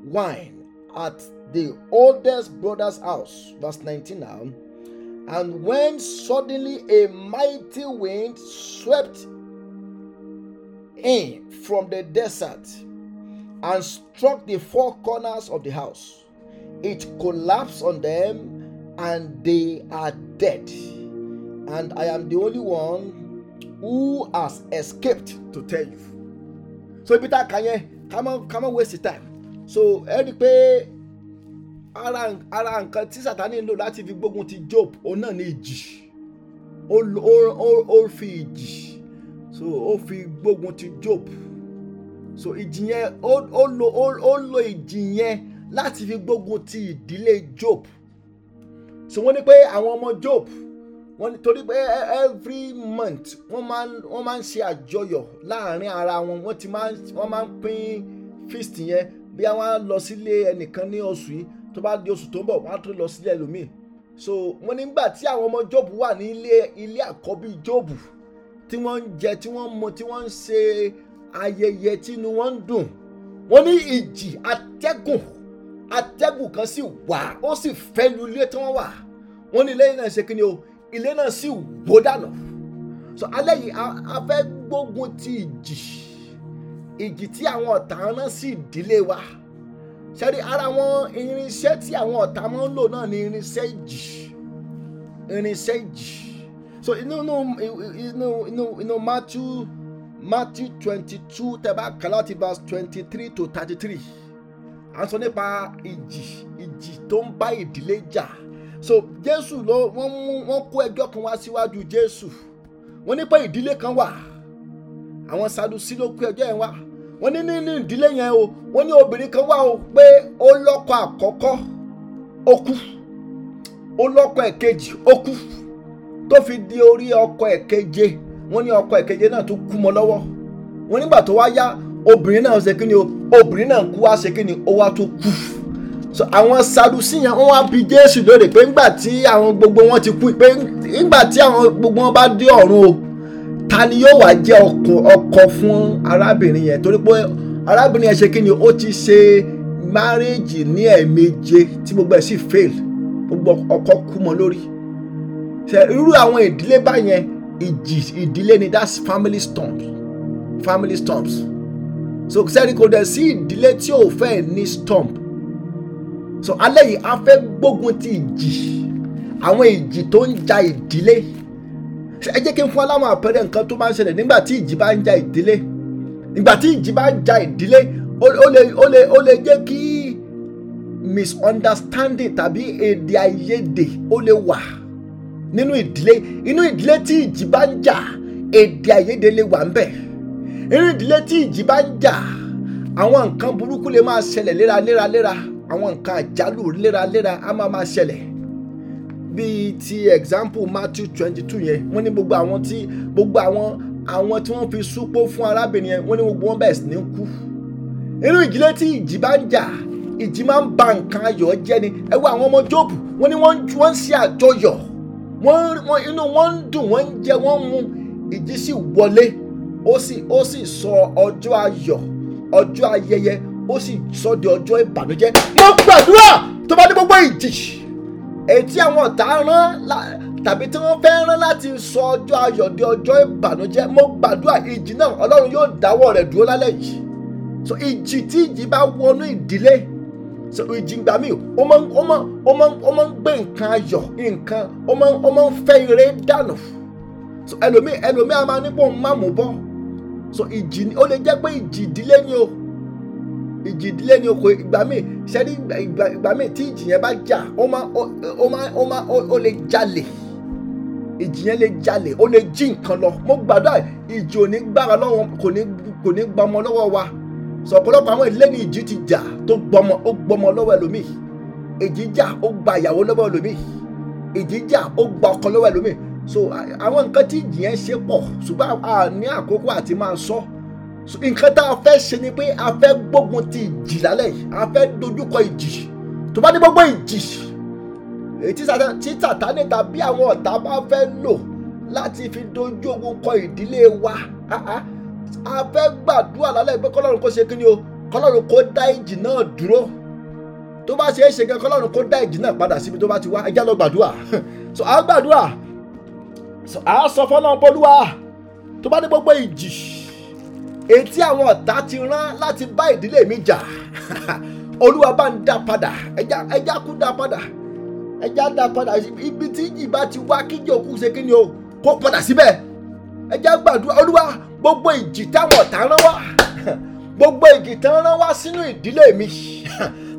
wine at the oldest brother's house. Verse 19 now. And when suddenly a mighty wind swept in from the desert and struck the four corners of the house. It collapsed on them and they are dead. And I am the only one who has escaped to tell you. So ibi tá a kà yẹn ká má ká má waste time. So ẹ rí i pé ara ara nǹkan tí Sátánì ń lò láti fi gbógun ti Job òun náà ní ìjì. Ó fi ìjì so ó fi gbógun ti Job so ìjì yẹn ó lo ó lo ìjì yẹn láti fi gbógun ti ìdílé Job so wọ́n ní pé àwọn ọmọ Job wọ́n torí pé every month wọ́n máa wọ́n máa ń ṣe àjọyọ̀ láàrin ara wọn wọ́n ti máa wọ́n máa ń pín feast yẹn bí wọ́n á lọ sílé ẹnìkan ní oṣù yìí tó bá di oṣù tó ń bọ̀ wọ́n á tún lọ sílé ẹlòmíì so wọ́n nígbà tí àwọn ọmọ Job wà ní ilé ilé àkọ́bí Job tí wọ́n ń jẹ tí wọ́n ń mu tí wọ́n ń ṣe ayẹyẹ tí inú wọn ń dùn wọ́n ní ìjì atẹ́gùn atẹ́gùn kan sì wà ó sì fẹ́ lu ilé tí wọ́n wà wọ́n ní ilé náà ṣe kí ni o ilé náà sì wó dànù so alẹ́ yìí a gbógun ti ìjì ìjì tí àwọn ọ̀tá náà sì dílé wa ṣẹ́rí ara wọn irinṣẹ́ tí àwọn ọ̀tá máa ń lò náà ni irinṣẹ́ ìjì irinṣẹ́ ìjì so you inú inú inú you know matthew matthew twenty two tẹ̀bá kà láti verse twenty three to thirty three à ń sọ nípa ìjì ìjì tó ń bá ìdílé jà so jésù ló wọ́n mú wọ́n kó ẹjọ́ kan wá síwájú jésù wọ́n ní pé ìdílé kan wà àwọn sadusi ló kó ẹjọ́ yẹn wá wọ́n ní nínú ìdílé yẹn o wọ́n ní obìnrin kan wà o pé ó lọ́kọ àkọ́kọ́ ó kú ó lọ́kọ ẹ̀kejì ó kú tó fi di orí ọkọ ẹ̀ keje wọ́n ní ọkọ ẹ̀ keje náà tún kú mọ́ lọ́wọ́ wọ́n nígbà tó wá yá obìnrin náà ṣe kí ni obìnrin náà kú wá ṣe kí ni ó wá tó kú so àwọn sadusi yẹn wọ́n wá bi Jésù lóde pé ńgbà tí àwọn gbogbo wọn ti kú pé ńgbà tí àwọn gbogbo wọn bá dé ọ̀run o ta ni yóò wá jẹ́ ọkọ fún arábìnrin yẹn torí pé arábìnrin yẹn ṣe kí ni ó ti ṣe márèèjì ní ẹ̀ẹ̀méje tí gbogbo ẹ̀ sì fail gbogbo ọkọ kú mọ́ lórí ṣe irú àwọn ìdílé báyẹn ìjì ìdílé ni that's family storms family storms so sẹ́ni kò dẹ̀ sí ìdílé tí ò fẹ́ ní storm so alẹ́ yìí a fẹ́ gbógun ti ìjì àwọn ìjì tó ń ja ìdílé ẹ jẹ́ kí n fún wa láwọn àpẹẹrẹ nǹkan tó máa ń ṣẹlẹ̀ nígbà tí ìjì bá ń ja ìdílé nígbà tí ìjì bá ń ja ìdílé ó lè ó lè ó lè jẹ́ kí misunderstanding tàbí èdè àìyedè ó lè wà nínú ìdílé inú ìdílé tí ìjì bá ń jà èdè àìyedè lè wà ń bẹ̀ inú ìdílé tí ìjì bá ń jà àwọn nǹkan burúkú lè máa ṣẹlẹ̀ léraléraléra àwọn nǹkan àjálù léraléra á máa máa ṣẹlẹ̀ bíi ti example Matthew twenty two yẹn wọ́n ní gbogbo àwọn tí gbogbo àwọn àwọn tí wọ́n fi súpó fún arábìnrin yẹn wọ́n ní gbogbo wọn bẹ̀rẹ̀ sí ní kú inú ìdílé tí ìjì bá ń jà ìjì máa ń ba nǹkan ayọ̀ jẹ́ ni ẹ wo àwọn ọmọ Jóòbù wọ́n ní wọ́n ń ṣe àjọyọ̀ wọ́n inú wọn ń dùn wọ́n ń jẹ wọ́n ń mu ìjì sì wọlé ó sì ó sì sọ ọjọ́ ayọ̀ ọjọ́ ayẹyẹ ó sì sọ di ọjọ́ ìbànújẹ́ mo gbàdúrà tó bá dé gbogbo ìjì ètí àwọn ọ̀tá rán tàbí tí wọ́n fẹ́ rán láti sọ ọjọ́ ayọ̀ di ọjọ́ ìbànújẹ́ mo gbàdúrà ìjì náà ọlọ́run yóò dáwọ́ rẹ̀ dúró lálẹ́ yìí so ìjì tí ìjì bá wọnú ìdílé ìjìngbà míì ó máa ń ó máa ó máa ó máa ń gbé nǹkan ayọ̀ nǹkan ó máa ó máa ń fẹ́ eré dànù so ẹlòmíì ẹlòmíì a máa ní pọ̀ má mú bọ́ so ìjì ó lè jẹ́ pé ìjì ìdílé ni o ìjì ìdílé ni o kò ìgbà míì sẹ́ni ìgbà ìgbà míì tí ìjì yẹn bá jà ó máa ó máa ó máa ó lè jalè ìjì yẹn lè jalè ó lè jí nǹkan lọ mo gbàdúrà ìjì ò ní gbára lọ́wọ́ kò ní kò ní gbọmọ lọ́wọ́ wa sọ̀pọ̀lọpọ̀ àwọn ilé ní ìjì ti jà tó gbọmọ ó gbọmọ lọ́wọ́ ẹlòmíì ìjì jà ó gba ìyàwó lọ́wọ́ ẹlòmíì ìjì jà ó gba ọkọ lọ́wọ́ ẹlòmíì so àwọn nǹkan tí ìjì yẹn ṣe pọ̀ ṣùgbọ́n a ní àkókò àti máa sọ nǹkan tá a fẹ́ ṣe ni pé a fẹ́ gbógun ti ìjì lálẹ́ yìí a fẹ́ dojúkọ ìjì tó bá ní gbogbo ìjì tí sàtánì tàbí àwọn ọ̀tá bá fẹ́ lò láti fi dojú ogun kọ ìdílé wa ah ah a fẹ́ gbàdúrà lálẹ́ pé kọ́lọ́run kó ṣe kí ni o kọ́lọ́run kó dá ìjì náà dúró tó bá ṣe é ṣe gan kọ́lọ́run kó dá ìjì náà padà síbi tó bá ti wá ẹ lọ gbàdúrà so à gbàdúrà so à sọ fọlọ́run polúwa tó bá ní gbogbo ìjì etí àwọn ọ̀tá ti rán láti bá ìdílé mi jà olúwa bá ń dá padà ẹja ẹja kú dá padà ẹja dá padà ibi tí ìjì bá ti wá kíjì òkú ṣe kí ni o kó padà síbẹ̀ ẹja gbàdúrà olúwa gbogbo ìjì táwọn ọ̀tá rán wá gbogbo ìjì tán rán wá sínú ìdílé mi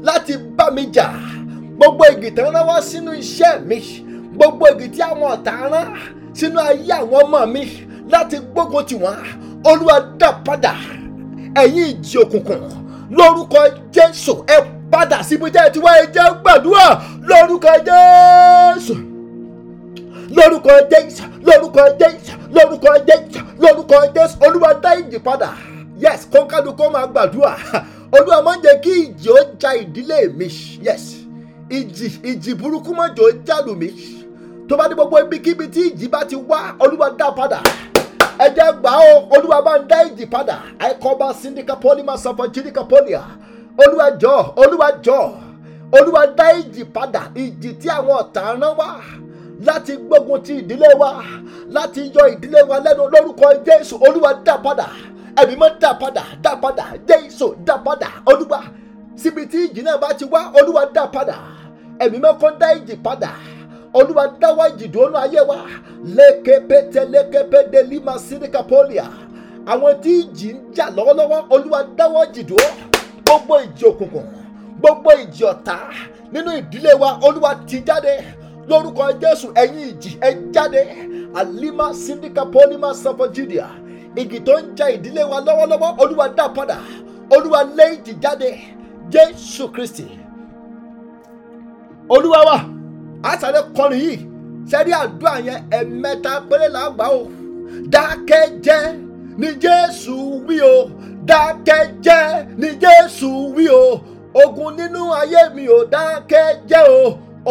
láti bá mi jà gbogbo ìjì tán rán wá sínú iṣẹ́ mi gbogbo ìjì tí àwọn ọ̀tá rán sínú ayé àwọn ọmọ mi láti gbógun tì wọ́n olúwa dá padà ẹ̀yin ìjì òkùnkùn lórúkọ jésù ẹ padà síbi tẹ́ ẹ ẹ jẹ́ gbàdúrà lórúkọ jésù lórúkọ jésù lórúkọ jésù lórúkọ jésù lórúkọ jésù olúwa dá ìjì padà yes kọ́ńkálukú máa gbàdúrà olúwa máa ń jẹ́ kí ìjì ó ja ìdílé mi yes ìjì ìjì burúkú máa jò ó jálù mi tó bá dé gbogbo ibikíbi tí ìjì bá ti wá olúwa dá padà ẹ jẹ́ gbà ó olúwa máa ń dá ìjì padà àìkọ́ba síndikapoli máa sọ fún jírikapolia olúwa jọ olúwa jọ olúwa dá ìjì padà ìjì tí àwọn ọ̀tá rán wá láti gbógun ti ìdílé wa láti yọ ìdílé wa lẹ́nu lórúkọ Jésù Olúwa dá padà ẹ̀mí mọ́ dá padà dá padà Jésù dá padà Olúwa síbi tí ìjì náà bá ti wá Olúwa dá padà ẹ̀mí mọ́ kó dá ìjì padà Olúwa dáwà ìjì dúró nù ayé wa lékepéte lékepéte lima síríkà pólíà àwọn tí ìjì ń jà lọ́wọ́lọ́wọ́ Olúwa dáwà ìjì dúró gbogbo ìjì òkùnkùn gbogbo ìjì ọ̀tá nínú ìdílé wa Olúwa ti jáde lórúkọ jésù ẹ̀yin ìjì ẹ jáde alima sindika polima safajidia igi tó ń ja ìdílé wa lọ́wọ́lọ́wọ́ olúwa dá padà olúwa lé ìjì jáde jésù kristi olúwa wa àṣàlẹ̀ kọrin yìí sẹ́rí àdúrà yẹn ẹ̀mẹ́ta péré là ń dákẹ́ jẹ́ ni jésù wí o dákẹ́ jẹ́ ni jésù wí o ogun nínú ayé mi ò dákẹ́ jẹ́ o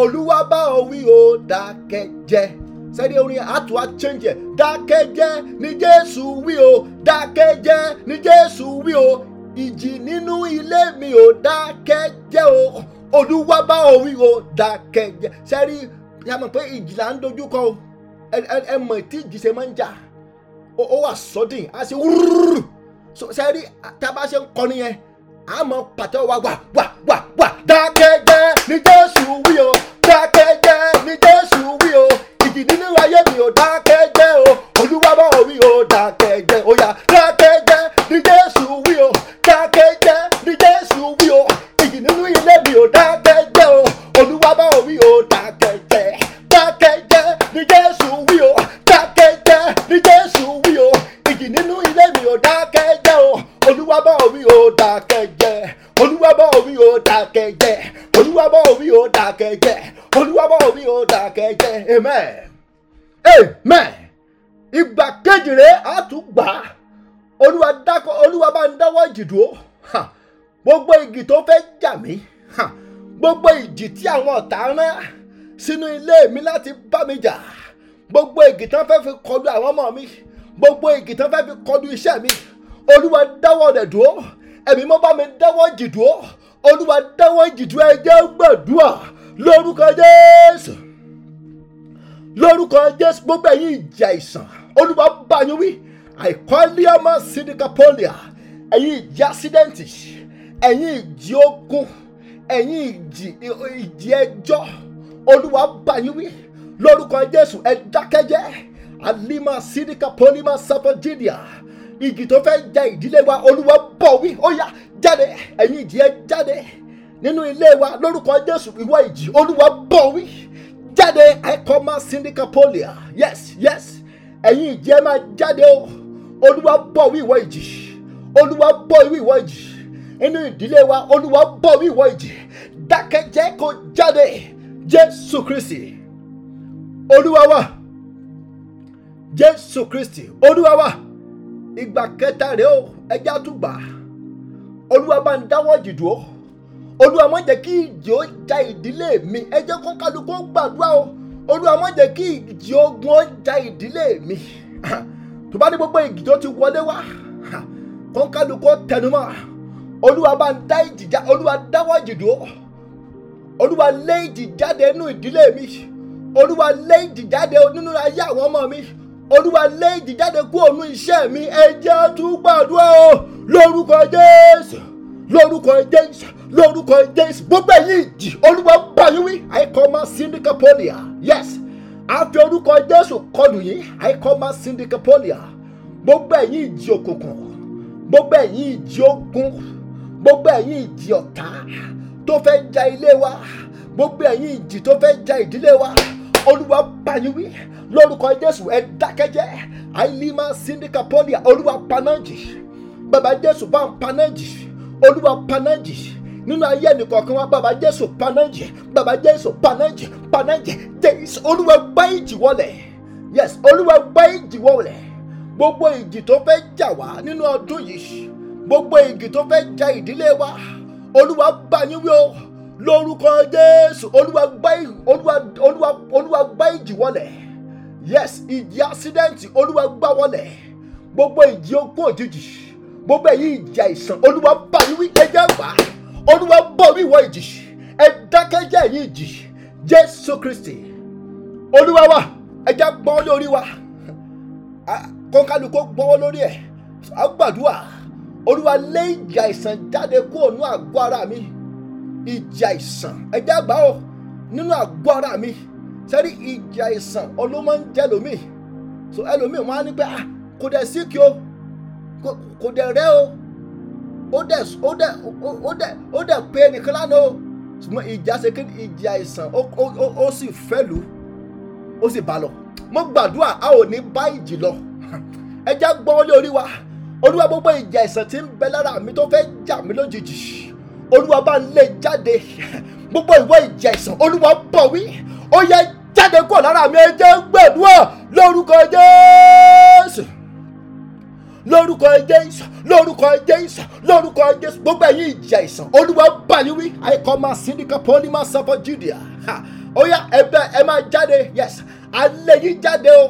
olúwa bá ọ wí o dákẹ́ jẹ́ sẹ́ni orin àtúwà change ẹ̀ dákẹ́ jẹ́ ni jésù wí o dákẹ́ jẹ́ ni jésù wí o ìjì nínú ilé mi ò dákẹ́ jẹ́ o olúwa bá ọ wí o dákẹ́ jẹ́ sẹ́ni ya mọ̀ pé ìjì là ń dojú kọ ẹ mọ̀ tí ìjì ṣe máa ń jà ó wà sọ́dìn á ṣe wúrúrú sẹ́ni tá a bá ṣe ń kọ nìyẹn àmọ́ pàtẹ́wọ́ wa wà wà wà dákẹ́jẹ́ ní Jésù wí o dákẹ́jẹ́ ní Jésù wí o ìjì nínú ayé mi ò dákẹ́jẹ́ o olúwa bọ̀ wí o dákẹ́jẹ́ ó yá dákẹ́jẹ́ ní Jésù. amen amen ìgbà kejì rẹ̀ á tún gbà á olúwa dákọ olúwa bá ń dáwọ́ ìjì dúró gbogbo igi tó fẹ́ jà mí gbogbo ìjì tí àwọn ọ̀tá rán sínú ilé mi láti bá mi jà gbogbo igi tán fẹ́ fi kọlu àwọn ọmọ mi gbogbo igi tán fẹ́ fi kọlu iṣẹ́ mi olúwa dáwọ́ rẹ̀ dúró ẹ̀mí mọ́ bá mi dáwọ́ ìjì dúró olúwa dáwọ́ ìjì dúró ẹ jẹ́ gbàdúrà lórúkọ jésù lórúkọ jésù gbogbo ẹ̀yin ìjà ìsàn olúwa bá yín wí àìkọ́líọ́mọ sídìkàpọ́lìà ẹ̀yin ìjì accidenti ẹ̀yin ìjì ogun ẹ̀yin ìjì ìjì ẹjọ́ olúwa bá yín wí lórúkọ jésù ẹ dákẹ́jẹ́ alima sídìkàpọ́lìmọ sàfọ́jìdìà ìjì tó fẹ́ jẹ ìdílé wa olúwa bọ̀ wí ó yá jáde ẹ̀yin ìjì ẹ jáde nínú ilé wa lórúkọ jésù ìwọ ìjì olúwa bọ̀ wí jáde ẹ̀kọ́má síndíkàpọ́lìà ah, yes yes ẹ̀yin ìjẹ́ máa jáde o olúwa bọ̀ wí ìwọ ìjì olúwa bọ̀ wí ìwọ ìjì inú ìdílé wa olúwa bọ̀ wí ìwọ ìjì dákẹ́jẹ́ kó jáde jésù kristi olúwa wa jésù kristi olúwa wa ìgbà kẹta rèé o ẹjẹ́ àtúgbà olúwa bá ń dáwọ́ jì dúró olúwa má jẹ́ kí ìjì ó ja ìdílé mi ẹ kó kálukú ó gbàdúrà o olúwa má jẹ́ kí ìjì ogun ó ja ìdílé mi tó bá ní gbogbo ìjì tó ti wọlé wá kó kálukú ó tẹnumọ́ olúwa bá ń dá ìjì já olúwa dáwọ́ ìjì dúró olúwa lé ìjì jáde nínú ìdílé mi olúwa lé ìjì jáde nínú ayé àwọn ọmọ mi olúwa lé ìjì jáde kúrò nínú iṣẹ́ mi ẹ jẹ́ gbàdúrà o lórúkọ jésù lórúkọ Jésù lórúkọ Jésù gbogbo ẹ̀yin ìjì olúwa bá yín wí àìkọ́má syndicapolia yes àfi orúkọ Jésù kọlù yín àìkọ́má syndicapolia gbogbo ẹ̀yin ìjì òkùnkùn gbogbo ẹ̀yin ìjì ogun gbogbo ẹ̀yin ìjì ọ̀tá tó fẹ́ ja ilé wa gbogbo ẹ̀yin ìjì tó fẹ́ ja ìdílé wa olúwa bá yín wí lórúkọ Jésù ẹ dákẹ́jẹ́ àìlímà syndicapolia olúwa panájì bàbá Jésù bá ń panájì olúwa panájì nínú ayé ẹnìkọ̀ọ̀kan wa Baba jésù panájì Baba jésù panájì panájì jésù olúwa gbá ìjì yes olúwa gbá ìjì wọlẹ̀ gbogbo ìjì tó fẹ́ jà wá nínú ọdún yìí gbogbo ìjì tó fẹ́ jà ìdílé wa olúwa bá yín wí o lórúkọ jésù olúwa gbá olúwa olúwa gbá ìjì yes ìjì accident olúwa gbá wọlẹ̀ gbogbo ìjì okó òjijì gbogbo ẹ̀yin ìjì àìsàn olúwa bá yín wí ẹjẹ́ wá olúwa bọ̀ wí ìwọ ìjì ẹ dákẹ́jẹ́ ẹ̀yin ìjì jésù kristi olúwa wa ẹjẹ́ gbọ́ lórí wa kọ́ńkálukó gbọ́wọ́ lórí ẹ̀ a gbàdúrà olúwa lé ìjì àìsàn jáde kúrò nínú àgọ́ ara mi ìjì àìsàn ẹjẹ́ àgbà o nínú àgọ́ ara mi sẹ́rí ìjì àìsàn olómọ́ ń jẹ́ lómi so ẹlòmíì wọn á ní pẹ́ ah, kò dẹ̀ sí kí o kò dẹ̀ rẹ́ o ó dẹ̀ ó dẹ̀ ó dẹ̀ ó dẹ̀ pé ẹnìkan lánàá o ṣùgbọ́n ìjà ṣe kí ìjà ìsàn ó sì fẹ́ lù ó sì bá lọ mo gbàdúrà a ò ní bá ìjì lọ ẹja gbọ́n lé orí wa olúwa gbogbo ìjà ìsàn tí ń bẹ lára mi tó fẹ́ jà mí lójijì olúwa bá ń lé e jáde gbogbo ìwọ ìjà ìsàn olúwa bọ̀ wí ó yẹ jáde kúrò lára mi ẹ jẹ́ lórúkọ Jésù lórúkọ jésù lórúkọ jésù lórúkọ jésù gbogbo ẹ̀yin ìjì àìsàn olúwa báyìí wí àìkọ́ máa síndìkà pọ́lì máa sọ́fọ́ judea Ha, Oya ẹ̀bẹ̀ ẹ máa jáde yes alẹ́ yìí jáde o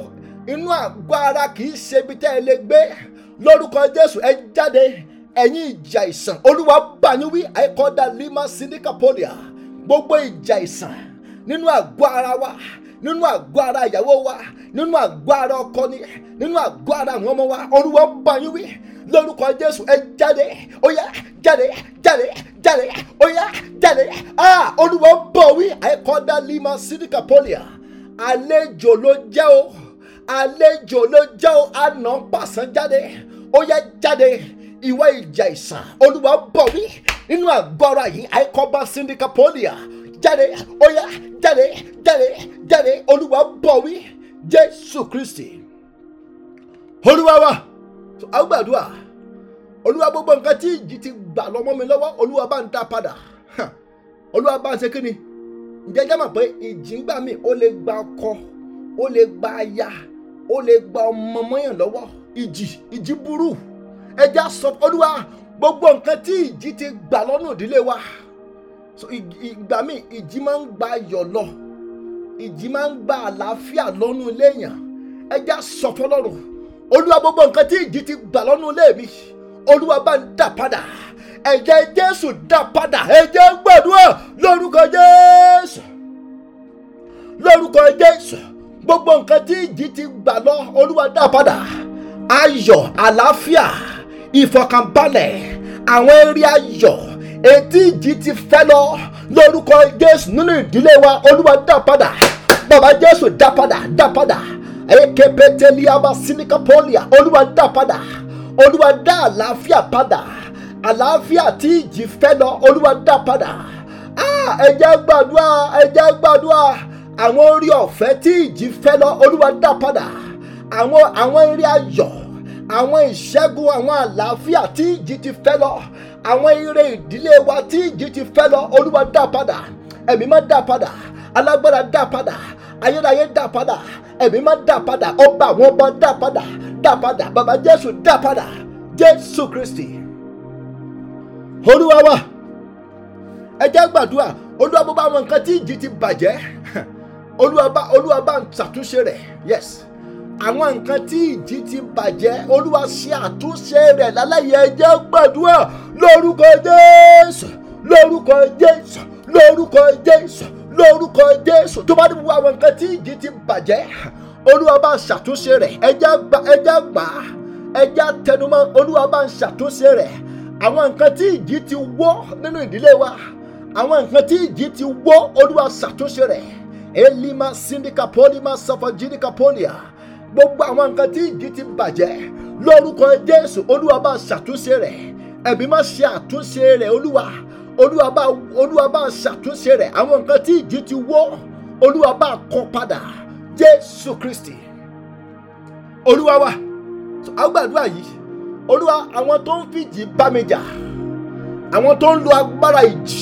inú àgọ́ ara kì í ṣe ibi tẹ́ ẹ lè gbé lórúkọ jésù ẹ jáde ẹ̀yin ìjì àìsàn olúwa báyìí wí àìkọ́ dalí máa síndìkà pọ́lì gbogbo ìjì àìsàn nínú àgọ́ ara wa nínú àgọ́ ara ìyàwó wa nínú àgọ́ ara ọkọ ni nínú àgọ́ ara àwọn ọmọ wa olúwa bá yín wí lórúkọ jésù ẹ jáde ó jáde jáde jáde ó jáde ah olúwa bọ̀ wí àìkọ́dá lima sídìkà pọ́lìà àlejò ló jẹ́ o àlejò ló jẹ́ o àná pàṣán jáde ó yá jáde ìwà ìjà ìsàn olúwa bọ̀ wí nínú àgọ́ ara yìí àìkọ́bá sídìkà pọ́lìà jáde Oya, yá jáde jáde jáde olúwa bọ̀ wí jésù kristi olúwa wa a gbàdúrà olúwa gbogbo nǹkan tí ìjì ti gbà lọ́mọ́ mi lọ́wọ́ olúwa bá ń dá padà olúwa bá ń ṣe kíni ǹjẹ́ jẹ́ mọ̀ pé ìjì ń gbà mí ó lè gba ọkọ ó lè gba aya ó lè gba ọmọ mọ́yàn lọ́wọ́ ìjì ìjì burú ẹja sọ olúwa gbogbo nǹkan tí ìjì ti gbà lọ́nà ìdílé wa so ìgbà míì ìjì máa ń gba ayọ̀ lọ ìjì máa ń gba àlàáfíà lọ́nu ilé èèyàn ẹja sọ fọlọ́run olúwa gbogbo nǹkan tí ìjì ti gbà lọ́nu ilé mi olúwa bá ń dà padà ẹ̀jẹ̀ jésù dà padà ẹ̀jẹ̀ gbàdúrà lórúkọ jésù lórúkọ jésù gbogbo nǹkan tí ìjì ti gbà lọ olúwa dà padà ayọ̀ àlàáfíà ìfọkànbalẹ̀ àwọn eré ayọ̀ etí ìjì ti fẹ́ lọ lórúkọ jésù nínú ìdílé wa olúwa dá padà bàbá jésù dá padà dá padà ekepeteliaba sinikapolia olúwa dá padà olúwa dá àlàáfíà padà àlàáfíà tí ìjì fẹ́ lọ olúwa dá padà ẹ jẹ́ gbàdúrà ẹ jẹ́ gbàdúrà àwọn orí ọ̀fẹ́ tí ìjì fẹ́ lọ olúwa dá padà àwọn àwọn eré ayọ̀ àwọn ìṣẹ́gun àwọn àlàáfíà tí ìjì ti fẹ́ lọ àwọn ire ìdílé wa tí ìjì ti fẹ́ lọ olúwa dá padà ẹ̀mí má dá padà alágbára dá padà ayérayé dá padà ẹ̀mí má dá padà ọba àwọn ọba dá padà dá padà bàbá jésù dá padà jésù kristi olúwa wa ẹ jẹ́ gbàdúrà olúwa bó bá àwọn nǹkan tí ìjì ti bàjẹ́ olúwa bá olúwa bá ń ṣàtúnṣe rẹ̀ yes àwọn nǹkan tí ìjì ti bàjẹ́ olúwa ṣe àtúnṣe rẹ̀ lálẹ́yẹ ẹjẹ́ gbàdúrà lórúkọ jésù lórúkọ jésù lórúkọ jésù lórúkọ jésù tó bá dé gbogbo àwọn nǹkan tí ìjì ti bàjẹ́ olúwa bá ṣàtúnṣe rẹ̀ ẹjẹ́ gbà ẹjẹ́ gbà ẹjẹ́ tẹnumọ́ olúwa bá ń ṣàtúnṣe rẹ̀ àwọn nǹkan tí ìjì ti wọ́ nínú ìdílé wa àwọn nǹkan tí ìjì ti wọ́ olúwa ṣàtúnṣe rẹ̀ elima sindika polima safa jidika polia gbogbo àwọn nǹkan tí ìjì ti bàjẹ́ lórúkọ jésù olúwa bá ṣàtúnṣe rẹ̀ ẹ̀mí má ṣe àtúnṣe rẹ̀ olúwa olúwa bá olúwa bá ṣàtúnṣe rẹ̀ àwọn nǹkan tí ìjì ti wó olúwa bá kọ padà jésù kristi olúwa wa àgbàdua yìí olúwa àwọn tó ń fìjì bá mi jà àwọn tó ń lo agbára ìjì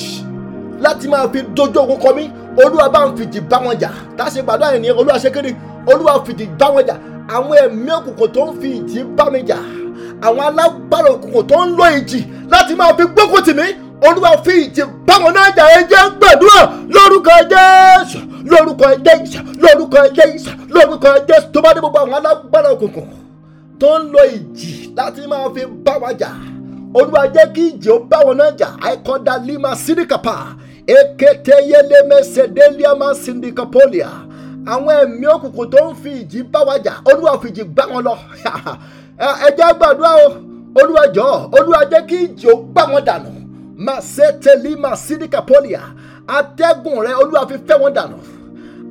láti máa fi dojú ogun kọ mí olúwa bá ń fìjì bá wọn jà tá a ṣe gbàdúrà yìí ní olúwa ṣe kéde olúwa fìdí bá wọn jà àwọn ẹ̀mí òkùnkùn tó ń fi ìjì bá mi jà àwọn alágbára òkùnkùn tó ń lo ìjì láti máa fi gbógun tì mí olúwa fi ìjì bá wọn náà jà ẹ jẹ́ n gbàdúrà lórúkọ jésù lórúkọ jésù lórúkọ jésù lórúkọ jésù tó bá dé gbogbo àwọn alágbára òkùnkùn tó ń lo ìjì láti máa fi bá wọn jà olúwa jẹ́ kí ìjì ó bá wọn náà jà àìkọ́dá lima sídìkàpá èkété yẹlẹmẹsẹdẹlẹmà sídìkàpọ́lìà àwọn ẹ̀mí òkùnkùn tó ń fi ìjì bá wa jà olúwa fìjì gbá wọn lọ ẹ jẹ́ gbàdúrà o olúwa jọ̀ọ́ olúwa jẹ́ kí ìjì ó gbá wọn dànù máa ṣe tẹ̀lé máa sí ní kàpọ́lìà atẹ́gùn rẹ olúwa fi fẹ́ wọn dànù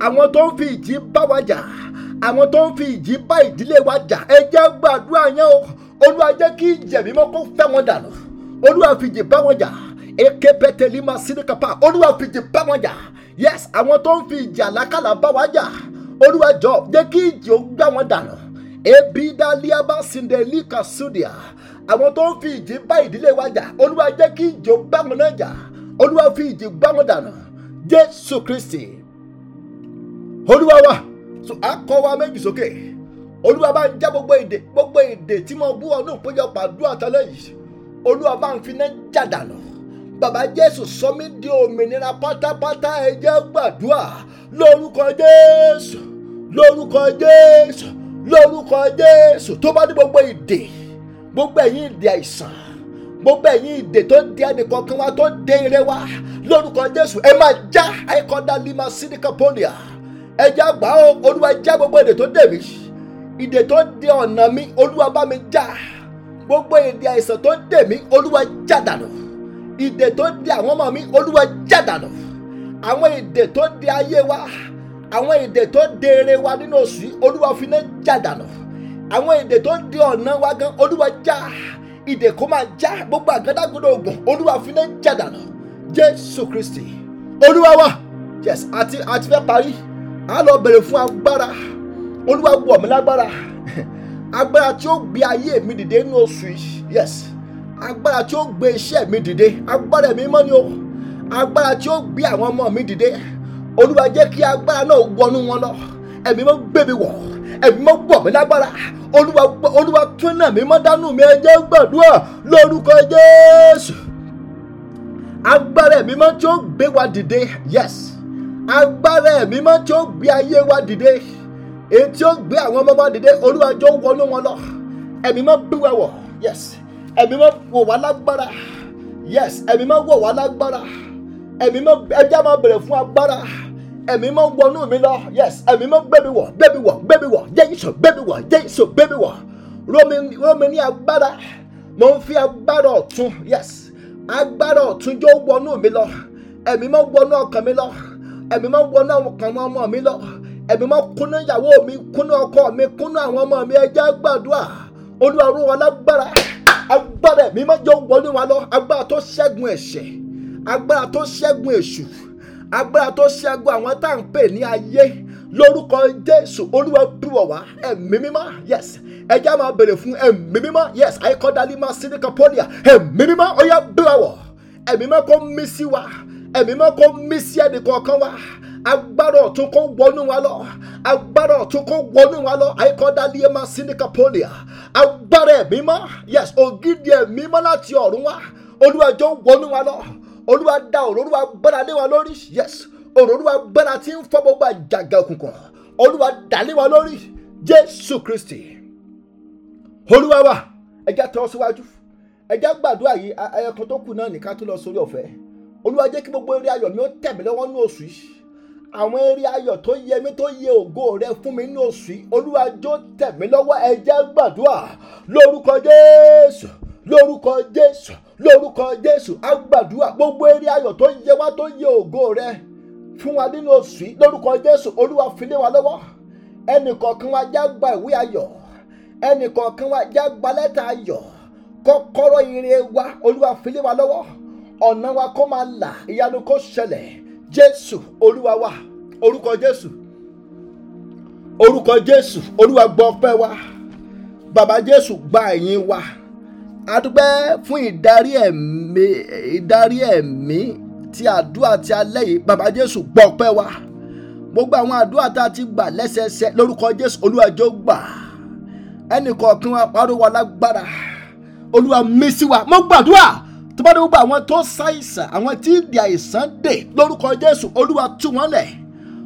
àwọn tó ń fi ìjì bá wa jà àwọn tó ń fi ìjì bá ìdílé wa jà ẹ gbàdúrà yẹn o olúwa jẹ́ kí ìjẹ̀mí mọ́ kó fẹ́ wọn dànù olúwa fìjì bá wọn jà èké pẹ́tẹ́lí máa sí ní kàpá olúwa fìjì bá wọn jà yes àwọn tó ń fi ìjà lákàlà bá wa jà olúwa jọ jẹ́ kí ìjì ó gbá wọn dànù ebi daliaba sindeli kasudia àwọn tó ń fi ìjì bá ìdílé wa jà olúwa jẹ́ kí ìjì ó gbá wọn náà jà olúwa fi ìjì gbá wọn dànù jésù kristi olúwa wa so akọ wa méjì sókè olúwa bá ń já gbogbo èdè gbogbo èdè tí mo bú ọ ní òpéjọpọ̀ àdúrà tẹ́lẹ̀ yìí olúwa bá ń fi jà dànù bàbá jésù sọ mí di òmìnira pátápátá ẹ jẹ́ gbàdúrà lórúkọ jésù lórúkọ jésù lórúkọ jésù tó bá ní gbogbo ìdè gbogbo ẹ̀yin ìdè àìsàn gbogbo ẹ̀yin ìdè tó di ẹnìkankan wa tó dé ire wa lórúkọ jésù ẹ máa já àìkọ́dá lima sídìkà pọ́nìyà ẹ ó olúwa já gbogbo ìdè tó dè mí ìdè tó di ọ̀nà mi olúwa bá mi já gbogbo ìdè àìsàn tó dè mí olúwa já dànù ìdè tó di àwọn ọmọ mi olúwa jádànù àwọn ìdè tó di ayé wa àwọn ìdè tó di eré wa nínú oṣù olúwa finá jádànù àwọn ìdè tó di ọ̀nà wa gan olúwa já ìdè kó máa já gbogbo àgádágodo ògùn olúwa finá jádànù jésù kristi olúwa wa yes àti àti fẹ́ parí a lọ bẹ̀rẹ̀ fún agbára olúwa wọ̀ mí lágbára agbára tí ó gbé ayé mi dìde nínú oṣù yìí yes agbára tí ó gbé iṣẹ́ mi dìde agbára ẹ̀mí mọ́ ni o agbára tí ó gbé àwọn ọmọ mi dìde olúwa jẹ́ kí agbára náà wọnú wọn lọ ẹ̀mí mọ́ gbé mi wọ̀ ẹ̀mí mọ́ wọ̀ mí lágbára olúwa olúwa tún náà mi mọ́ dánú mi ẹ jẹ́ gbàdúrà lórúkọ jésù agbára ẹ̀mí mọ́ tí ó gbé wa dìde yes agbára ẹ̀mí mọ́ tí ó gbé ayé wa dìde èyí tí ó gbé àwọn ọmọ wa dìde olúwa jọ wọnú wọn lọ ẹ̀mí mọ́ bí wa wọ̀ yes ẹ̀mí mọ́ wọ̀ wá lágbára yes ẹ̀mí mọ́ wọ̀ wá lágbára ẹ̀mí mọ́ ẹja máa bẹ̀rẹ̀ fún agbára ẹ̀mí mọ́ wọnú mi lọ yes ẹ̀mí mọ́ gbẹ̀mí wọ̀ gbẹ̀mí wọ̀ gbẹ̀mí wọ̀ jẹ́yìísọ̀ gbẹ̀mí wọ̀ jẹ́yìísọ̀ gbẹ̀mí wọ̀ rómi ní agbára mo ń fi agbára ọ̀tún yes agbára ọ̀tún yóò wọnú mi lọ ẹ̀mí mọ́ wọnú ọkàn mi lọ ẹ̀mí mọ́ wọnú ọkàn ọmọ mi lọ ẹ̀mí mọ́ kúnú ìyàwó mi kúnú ọkọ mi kúnú àwọn ọmọ mi ẹ jẹ́ gbàdúrà olúwa wọn lágbára agbára ẹ̀mí máa jọ wọlé wa lọ agbára tó ṣẹ́gun ẹ̀ṣẹ̀ agbára tó ṣẹ́gun èṣù agbára tó ṣẹ́gun àwọn tá à ń pè ní ayé lórúkọ jésù olúwa bíwọ̀ wá ẹ̀mí mímọ́ yes ẹjẹ́ máa bèrè fún ẹ̀mí mímọ́ yes àyíkọ́dálí máa sí ní kapolia ẹ̀mí mímọ́ ó yá bíwọ̀ ẹ̀mí mímọ́ kó mí sí wa ẹ̀mí mímọ́ kó mí sí ẹnì kọ̀ọ̀kan wa agbára ọ̀tun kó wọnú wa lọ agbára ọ̀tun kó wọnú wa lọ àìkọ́dálíyé máa síníkà pọ́nìyà agbára ẹ̀mí mọ́ yes ògidì ẹ̀mí mọ́ láti ọ̀run wá olúwa jọ wọnú wa lọ olúwa dá òróró agbára lé wa lórí yes òróró agbára tí ń fọ́ gbogbo àjàgà òkùnkùn olúwa dá lé wa lórí jésù kristi olúwa wa ẹ jẹ́ tọ́ síwájú ẹ jẹ́ gbàdúrà yìí ẹ̀ẹ̀kan tó kù náà nìkan tó lọ sórí ọ̀fẹ́ olúwa jẹ́ kí gbogbo eré ayọ̀ mi ó tẹ̀ mí lọ́wọ́ ní oṣù yìí àwọn eré ayọ̀ tó yẹ mí tó yẹ ògo rẹ fún mi ní oṣù olúwa jó tẹ̀ mí lọ́wọ́ ẹ jẹ́ gbàdúrà lórúkọ jésù lórúkọ jésù lórúkọ jésù a gbàdúrà gbogbo eré ayọ̀ tó yẹ wá tó yẹ ògo rẹ fún wa nínú oṣù lórúkọ jésù olúwa fi lé wa lọ́wọ́ ẹnìkọ̀ọ̀kan wa já gba ìwé ayọ̀ ẹnìkọ̀ọ̀kan wa já gba lẹ́tà ayọ̀ kọ́kọ́rọ́ ire wa olúwa fi wa lọ́wọ́ ọ̀nà wa kó máa là ìyanu kó ṣẹlẹ̀ jésù olúwa wa orúkọ jésù orúkọ jésù olúwa gbọ́ ọpẹ́ wa bàbá jésù gba ẹ̀yìn wa adúpẹ́ fún ìdarí ẹ̀mí ìdarí ẹ̀mí ti àdúrà ti alẹ́ yìí bàbá jésù gbọ́ ọpẹ́ wa gbogbo àwọn àdúrà tá a ti gbà lẹ́sẹẹsẹ lórúkọ jésù olúwa jọ̀ọ́ gbà ẹnì kọ̀ọ̀kan wa pariwo wa lágbára olúwa mí sí wa mo gbàdúrà tó bá dé gbogbo àwọn tó ṣàìsàn àwọn tí ìdí àìsàn dè lórúkọ Jésù olúwa tú wọn lẹ̀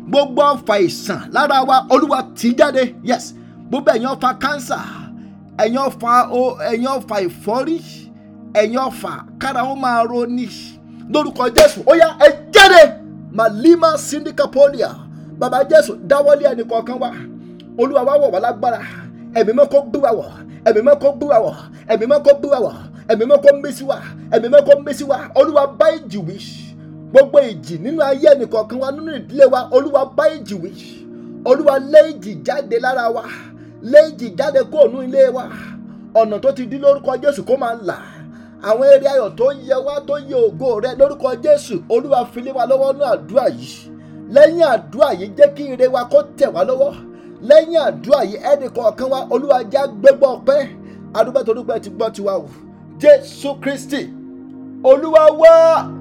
gbogbo ọfà ìsàn lára wa olúwa tì jáde yes gbogbo ẹ̀yin ọfà kánsà ẹ̀yin ọfà o ẹ̀yin ọfà ìfọ́rí ẹ̀yin ọfà kára ó máa roni lórúkọ Jésù ó yá ẹ jáde màlímà síndíkàpọ́nìà bàbá Jésù dáwọ́lé ẹnì kọ̀ọ̀kan wa olúwa wá wọ̀ wá lágbára ẹ̀mí mọ́ kó wa wọ̀ ẹ̀mí mọ́ kó wa ẹ̀mí mọ́ kó ẹ̀mí mọ́kọ́ ń bẹ́ sí wa ẹ̀mí mọ́kọ́ ń bẹ́ sí wa olúwa bá ìjì wí gbogbo ìjì nínú ayé ẹnìkọ̀ọ̀kan wa nínú ìdílé wa olúwa bá ìjì wí olúwa lé ìjì jáde lára wa lé ìjì jáde kóònù ilé wa ọ̀nà tó ti dí lórúkọ jésù kó máa là àwọn eré ayọ̀ tó yẹ wá tó yẹ ògo rẹ lórúkọ jésù olúwa fi lé wa lọ́wọ́ ní àdúrà yìí lẹ́yìn àdúrà yìí jẹ́ kí ire wa kó tẹ̀ wá lọ́wọ́ lẹ́yìn àdúrà yìí ẹnì wa olúwa já gbégbọ́ pẹ́ adúgbò tó ti gbọ́ tiwa wò jésù kristi olúwa wá.